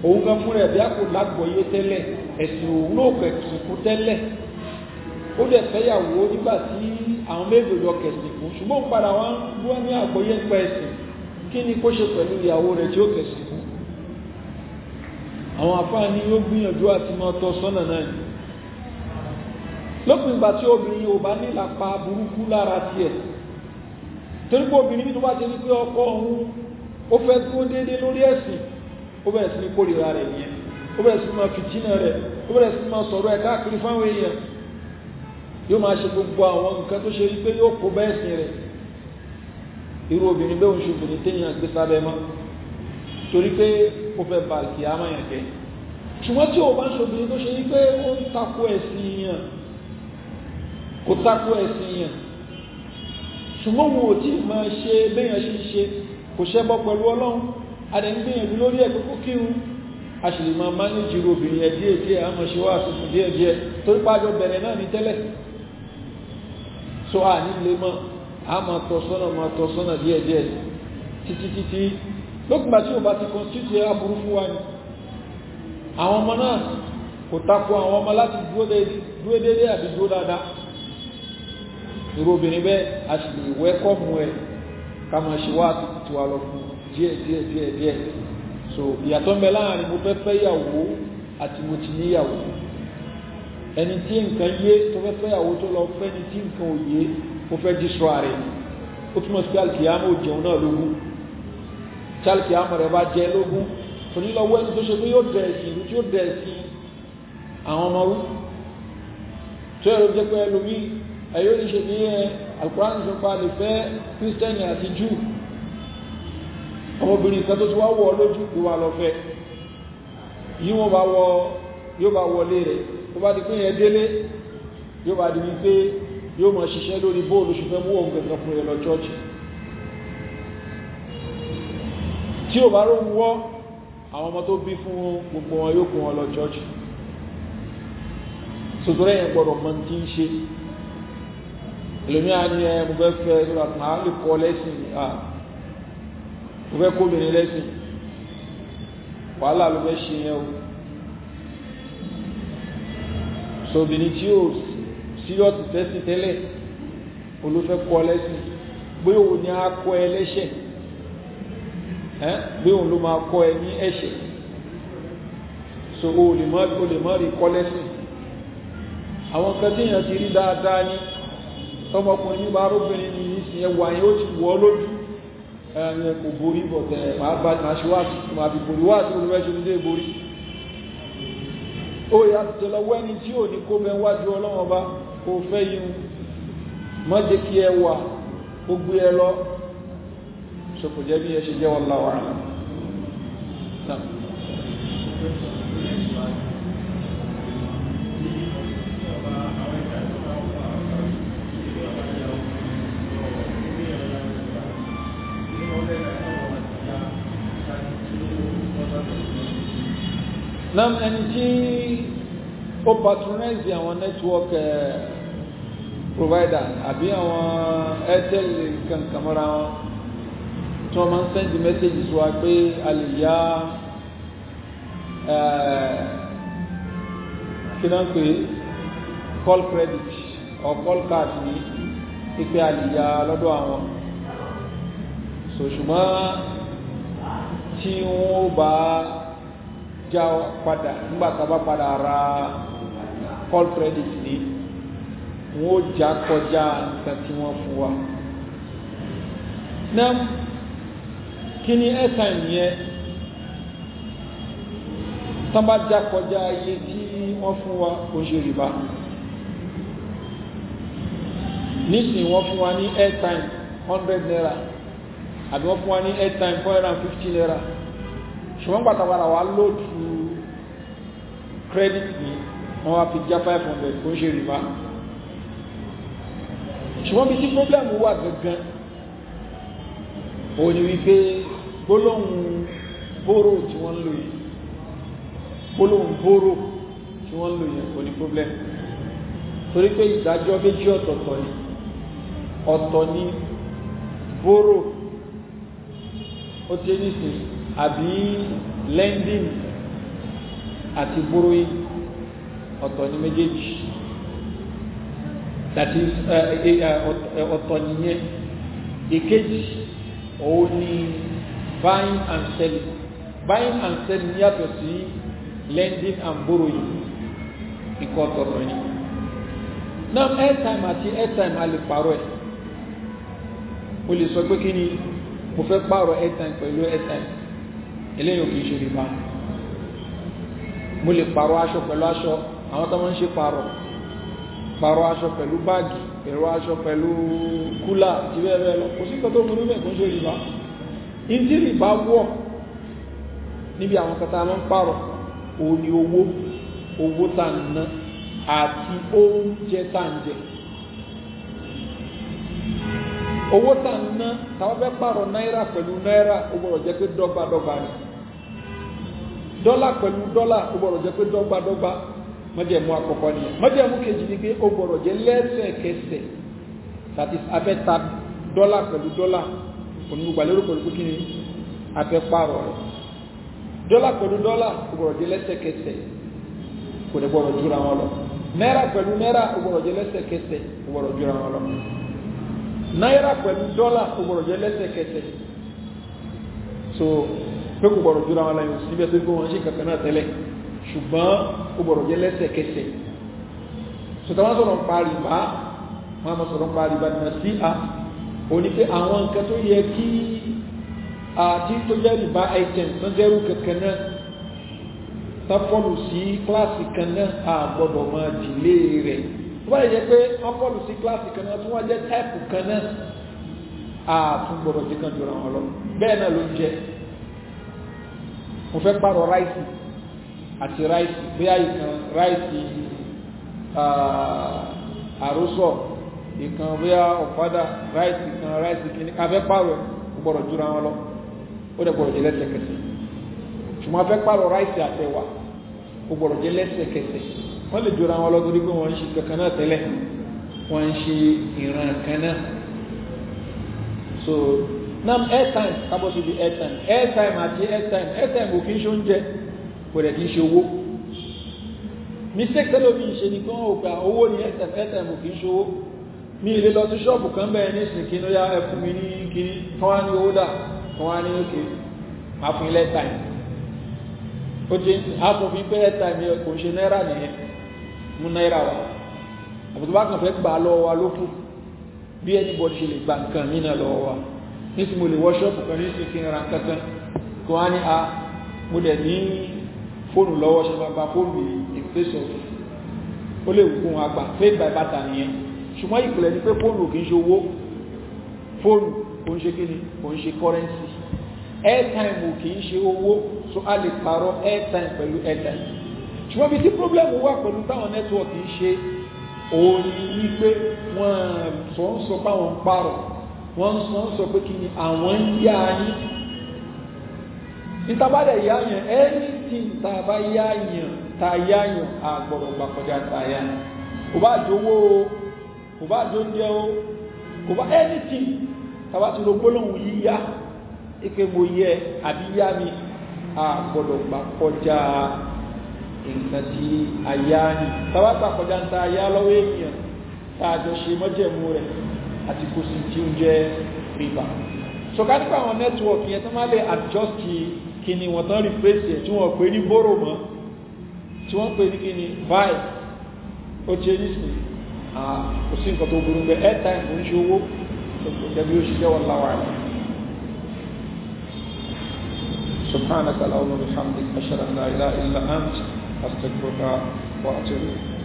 òun gan fúnra ẹ̀ bí a kò lágbọ̀ọ́yé tẹ́lẹ̀ ẹ̀sìn òun náà kẹ̀kì kú tẹ́lẹ̀ ó dẹ̀ fẹ́yàwó nígbà tí àwọn méjèèjì kẹ̀sìn kú ṣùgbọ́n padà wá ń gbọ́ ní ń pa ẹ̀sìn kí ni kó ṣe pẹ̀lú ìyàwó rẹ̀ tí ó kẹ̀sìn àwọn àfáà ní yóò gbìyànjú àti máa tọ́ sọ́nà náà ni lópin ìgbà tí obìnrin ò bá ní lápá burúkú lára tiẹ̀ torí pé obìnrin tó bá ti ní pé ọkọ òun ó fẹ́ dúró déédé lórí ẹ̀sìn ó bẹ̀rẹ̀ sí ní kórìíra rẹ̀ nìyẹn ó bẹ̀rẹ̀ sí ní máa fìtínà rẹ̀ ó bẹ̀rẹ̀ sí ní máa sọ̀rọ̀ ẹ̀ káàkiri fáwọn èèyàn yóò máa ṣe gbogbo àwọn nǹkan tó ṣe wípé yóò kó bá rẹ̀ irú obìnrin bẹ́ẹ̀ ń ṣe obìnrin téèyàn gbé sábẹ́ máa torí pé ó fẹ́ ba kìámà yẹn jẹ́ ṣùgbọ́n tí o bá ń ṣobìnrin tó ṣe yí pé ó ń takò ẹ̀sìn yẹn kò takò ẹ̀sìn yẹn ṣùgbọ́n wo tí ma ṣe bẹ́yàn ṣe ṣe kò ṣẹbọ pẹ̀lú ọlọ́run adẹ̀gbìyànjú lórí ẹ̀kọ́ kó kírun a ṣe lè máa máa ní jírò obìnrin ẹ̀ díẹ̀ díẹ̀ a ṣe wá àtúntún díẹ̀ díẹ̀ torí pàjọ bẹ̀rẹ̀ náà ní tẹ́lẹ̀ so a nílé mọ́ a máa máa tọ́ díẹ̀ díẹ̀ títí títí lókùnbà tí o bá ti constitute aburú fún wa ni àwọn ọmọ náà kò tako àwọn ọmọ láti dúró dédé àbí dúró dáadáa irú obìnrin bẹ́ẹ̀ a sì lè wẹ́kọ̀mù ẹ̀ ká máa ṣe wá àtúntò tiwa lọ fún díẹ̀ díẹ̀ díẹ̀ díẹ̀ so ìyàtọ̀ ń bẹ láàrin mo fẹ́ fẹ́ yàwó àti mo ti níyàwó ẹni tí nǹkan yé tó fẹ́ fẹ́ yàwó tó lọ fẹ́ ni tí nǹkan ò yé ó fẹ́ dísọ ààrẹ ó túmọ̀ sí pé àlùkìyàmọ̀ òjẹun náà lógún tálkì àmọ̀rẹ̀ bá jẹ lógún onílọ́wọ́ ẹni tó ṣe pé yóò dẹ̀ẹ̀sì ìlú tí ó dẹ̀ẹ̀sì àwọn ọmọ rú tó ẹ̀rọ jẹ́ pé ẹlòmí ẹ̀yọ́ ní ṣe ní ẹ alkùránì sọpa lè fẹ́ kírísítẹ́nì àti jù ọmọbìnrin kan tó ti wá wọ lójú ló wà lọ fẹ́ yí wọ́n bá wọ yóò bá wọlé rẹ̀ tó bá di pé yẹn délé yóò bá di wípé yóò mọ̀ ṣiṣẹ́ lórí bóòlù ṣùgbọ́n mú òun gẹ̀gẹ̀ fún ẹ lọ chọ́ọ̀chì tí ò bá rò ń wọ́ àwọn ọmọ tó bí fún gbogbo wọn yóò kó wọn church sòtúrẹ́ yẹn gbọ́dọ̀ mọ ti ń ṣe ẹlòmíà ni ẹ mo fẹ́ fẹ́ sọ́dọ̀ àtúnhà lè kọ́ lẹ́sìn mo fẹ́ kó mi ní lẹ́sìn wàhálà ló fẹ́ ṣe yẹn o so tí ó síríọ́sì tẹ́sí tẹ́lẹ̀ olófẹ́ kọ́ lẹ́sìn bóyá òun ni a kọ́ ẹ lẹ́sẹ̀ pé òun ló máa kọ́ ẹ ní ẹ̀ṣẹ̀ so o lè mọ́ rí kọ́ lẹ́sìn àwọn kan tí èèyàn ti rí dáadáa ní tọmọkùnrin ní bá róbìnrin ní ìsìn ẹwà yẹn ó ti wọ́ lójú ẹ̀yẹn kò borí bọ̀tẹ̀ máa bá máa ṣe wá sí máa fi borí wá sí olùwẹ́sẹ̀ ní dé borí ó yà tẹ̀tẹ̀ lọ́wọ́ ẹni tí ò ní kó bẹ wájú ọlọ́wọ́n bá kò fẹ́ yìí má jẹ́ kí ẹ wà ẹ lọ so kò jẹ́ bí ẹ ṣe jẹ́ wallahu a'lam nam ẹni tí ó patronize àwọn network uh, provider àbí àwọn airtel kankan mọ́ra wọn tí wọ́n máa ń sẹ́ndì mẹ́sẹ̀jì sí wa pé a lè yá kí náà pé call credit or call card ní pípẹ́ a lè yá lọ́dọ̀ àwọn so ṣùgbọ́n tí wọ́n bá já padà nígbà tá a bá padà ra call credit ní wọ́n já kọjá nǹkan tí wọ́n fún wa. Kini ni airtime yẹn tán bá já kọjá iye tí wọ́n fún wa kò ṣe rìbá nísìn fún wa ní airtime hundred naira àbí wọ́n fún wa ní airtime four hundred and fifty naira ṣùgbọ́n pàtàkàrà wa lóòtù credit ni wọ́n wá fi já five hundred kò ṣe ṣùgbọ́n bí tí problem wà gangan òun ni wípé gbólóhùn bóró tí wọ́n ń lò yìí gbólóhùn bóró tí wọ́n ń lò yẹn kò ní problem torí pé ìdájọ́ méjì ọ̀tọ̀ọ̀tọ̀ ni ọ̀tọ̀ ni bóró ó ti ní sìn àbí lending àti borrowing ọ̀tọ̀ ni méjèèjì that is eh, eh, eh, ọ̀tọ̀ nìyẹn èkejì òun ni. Uh, uh, uh, buying and selling buying and selling yàtọ̀ sí lending and borrowing ikọ̀ tọ̀rọ̀ ni now airtime àti airtime a lè pààrọ̀ ẹ̀ o lè sọ pé kí ni mo fẹ́ pààrọ̀ airtime pẹ̀lú airtime eléyìí ò kì í ṣe rìbá mo lè pààrọ̀ aṣọ pẹ̀lú aṣọ àwọn tó máa ń ṣe pààrọ̀ pààrọ̀ aṣọ pẹ̀lú báàgì pẹ̀lú aṣọ pẹ̀lú kúlà àti bẹ́ẹ̀ bẹ́ẹ̀ lọ kò sí nǹkan tó burú bẹ́ẹ̀ kó ń ṣe rìbá injiri bá wọ̀ níbi àwọn kata máa ń pààrọ̀ ni owó owó tá à ń ná àti oúnjẹ tá à ń jẹ owó tá à ń ná táwọn fẹ́ pààrọ̀ náírà pẹ̀lú náírà ó gbọ́dọ̀ jẹ́ pé dọ́gbadọ́gba ni dọ́là pẹ̀lú dọ́là ó gbọ́dọ̀ jẹ́ pé dọ́gbadọ́gba mọ́jẹ̀mú àkọ́kọ́ nìyẹn mọ́jẹ̀mú kejì ni pé ó gbọ́dọ̀ jẹ́ lẹ́sẹ̀kẹsẹ̀ that is afẹ́ta dọ́là pẹ̀lú dọ́là onígbà lérò pẹ̀lú kí ni afẹ́ pààrọ̀ rẹ̀ dọ́là pẹ̀lú dọ́là kò gbọ́dọ̀ lẹ́sẹ̀kẹsẹ̀ kò dẹ̀ gbọ́dọ̀ jura wọn lọ náírà pẹ̀lú náírà kò gbọ́dọ̀ jẹ́ lẹ́sẹ̀kẹsẹ̀ kò gbọ́dọ̀ jura wọn lọ náírà pẹ̀lú dọ́là kò lẹ́sẹ̀kẹsẹ̀ so pé kò gbọ́dọ̀ jura wọn lọ yóò síbẹ̀ tó gbọ́ wọn ṣe kankan náà tẹ́lẹ̀ ṣùgbọ́n kò gbọ́dọ̀ jẹ́ lẹ́sẹ̀kẹsẹ̀ so tàwọn sọ̀rọ̀ ń pa rìbá wọn sọ̀rọ̀ ń pa rìbá ní òní pé àwọn nǹkan tó yẹ kí àti tó jẹ́ rìbá item tó jẹ́rú kankan náà tọ́pọ̀lù sí kíláàsì kan náà àgbọ̀dọ̀ máa dìlé rẹ̀ tó bá yẹ pé tọ́pọ̀lù sí kíláàsì kan náà tó wá jẹ́ táìpù kan náà àtúgbọ̀dọ̀ jẹ́ kan jùlọ wọn lọ bẹ́ẹ̀ náà ló ń jẹ́ mo fẹ́ pààrọ̀ ráìsì àti ráìsì bí àìsàn ráìsì ah, àrósọ̀ ìkan bóyá ọ̀fadà ráìsì kan ráìsì kìíní afẹ́ pààrọ̀ ó gbọ́dọ̀ jura wọn lọ ó dẹ̀ gbọ́dọ̀ jẹ lẹ́sẹ̀kẹsẹ̀ ṣùgbọ́n afẹ́ pààrọ̀ ráìsì àtẹ̀wà ó gbọ́dọ̀ jẹ lẹ́sẹ̀kẹsẹ̀ wọ́n lè jura wọn lọ torí wọ́n ń ṣe kankan náà tẹ́lẹ̀ wọ́n ń ṣe ìran kan náà so nam airtime kábọ̀ síbi airtime airtime àti airtime airtime kò kí ń ṣe oúnjẹ kò dẹ̀ kí mistake tẹ́lẹ̀ omi ń ni kí wọ́n ò gba owó ní airtime airtime kò kí ní ilé lọ sí ṣọ́ọ̀bù kan bẹ́ẹ̀ ní ìsìn ní yá ẹkùn mi ní kiri kan wá ní owó dà kan wá ní òkè àfún ilẹ̀ tàìm ó ti àfòfin pẹ́lẹ̀ tàìm yẹ kò ń ṣe náírà nìyẹn mú náírà wa àbùtù bá kàn fẹ́ gbà lọ́wọ́ wa lókù bí ẹni bọ́dì ṣe lè gba nǹkan mí lọ́wọ́ wa nísìn mo lè wọ ṣọ́ọ̀bù kan ní ìsìn ra nǹkan kan wá ní a mo dẹ̀ ní fóònù lọ́wọ́ ṣe máa gba fóònù in place of ó lè wù kó wọn àgbà fẹ́ gbà ìbátan nìyẹn ṣùgbọ́n ìpìlẹ̀ ni pé fóònù kìí ṣe owó fóònù kò ń ṣe kí ni kò ń ṣe kọ́rẹ́nsì airtime ò kìí ṣe owó so a lè pààrọ̀ airtime pẹ̀lú airtime ṣùgbọ́n bí tí problem wà pẹ̀lú táwọn network ń ṣe òun ni wípé wọ́n sọ ń sọ páwọn ń pààrọ̀ wọ́n sọ ń sọ pé kí ni àwọn ń yá yín ìtàbádẹ̀ yá yàn anything tá a bá yá yàn tá a yá yàn àgbọ̀rọ̀ gbàkọjá tá a yá yàn kò bá jówó kò bá jóúnjẹ o kò anything tàbá ti lo gbólóhùn yíyá ike mo yẹ àbí yá mi a gbọ́dọ̀ gbà kọjá nǹkan tí a yá ni tàbá gbà kọjá ń ta yá lọ́wọ́ èèyàn tá a jọ ṣe mọ́jẹ̀mú rẹ̀ àti kò sì tí ó jẹ́ rìbá ṣọ̀ká nípa àwọn nẹ́tíwọ̀kì yẹn tó máa lè adjust kíni wọ́n tán replace ẹ̀ tí wọ́n pè ní bóró mọ́ tí wọ́n pè ní kíni vibe ó ṣe nísìnyí kò sí nǹkan tó burú bẹ́ẹ̀ airtime kò ń ṣe owó gẹ́gẹ́ bí ó ṣe سبحانك اللهم وبحمدك أشهد أن لا إله إلا أنت أستغفرك وأتوب إليك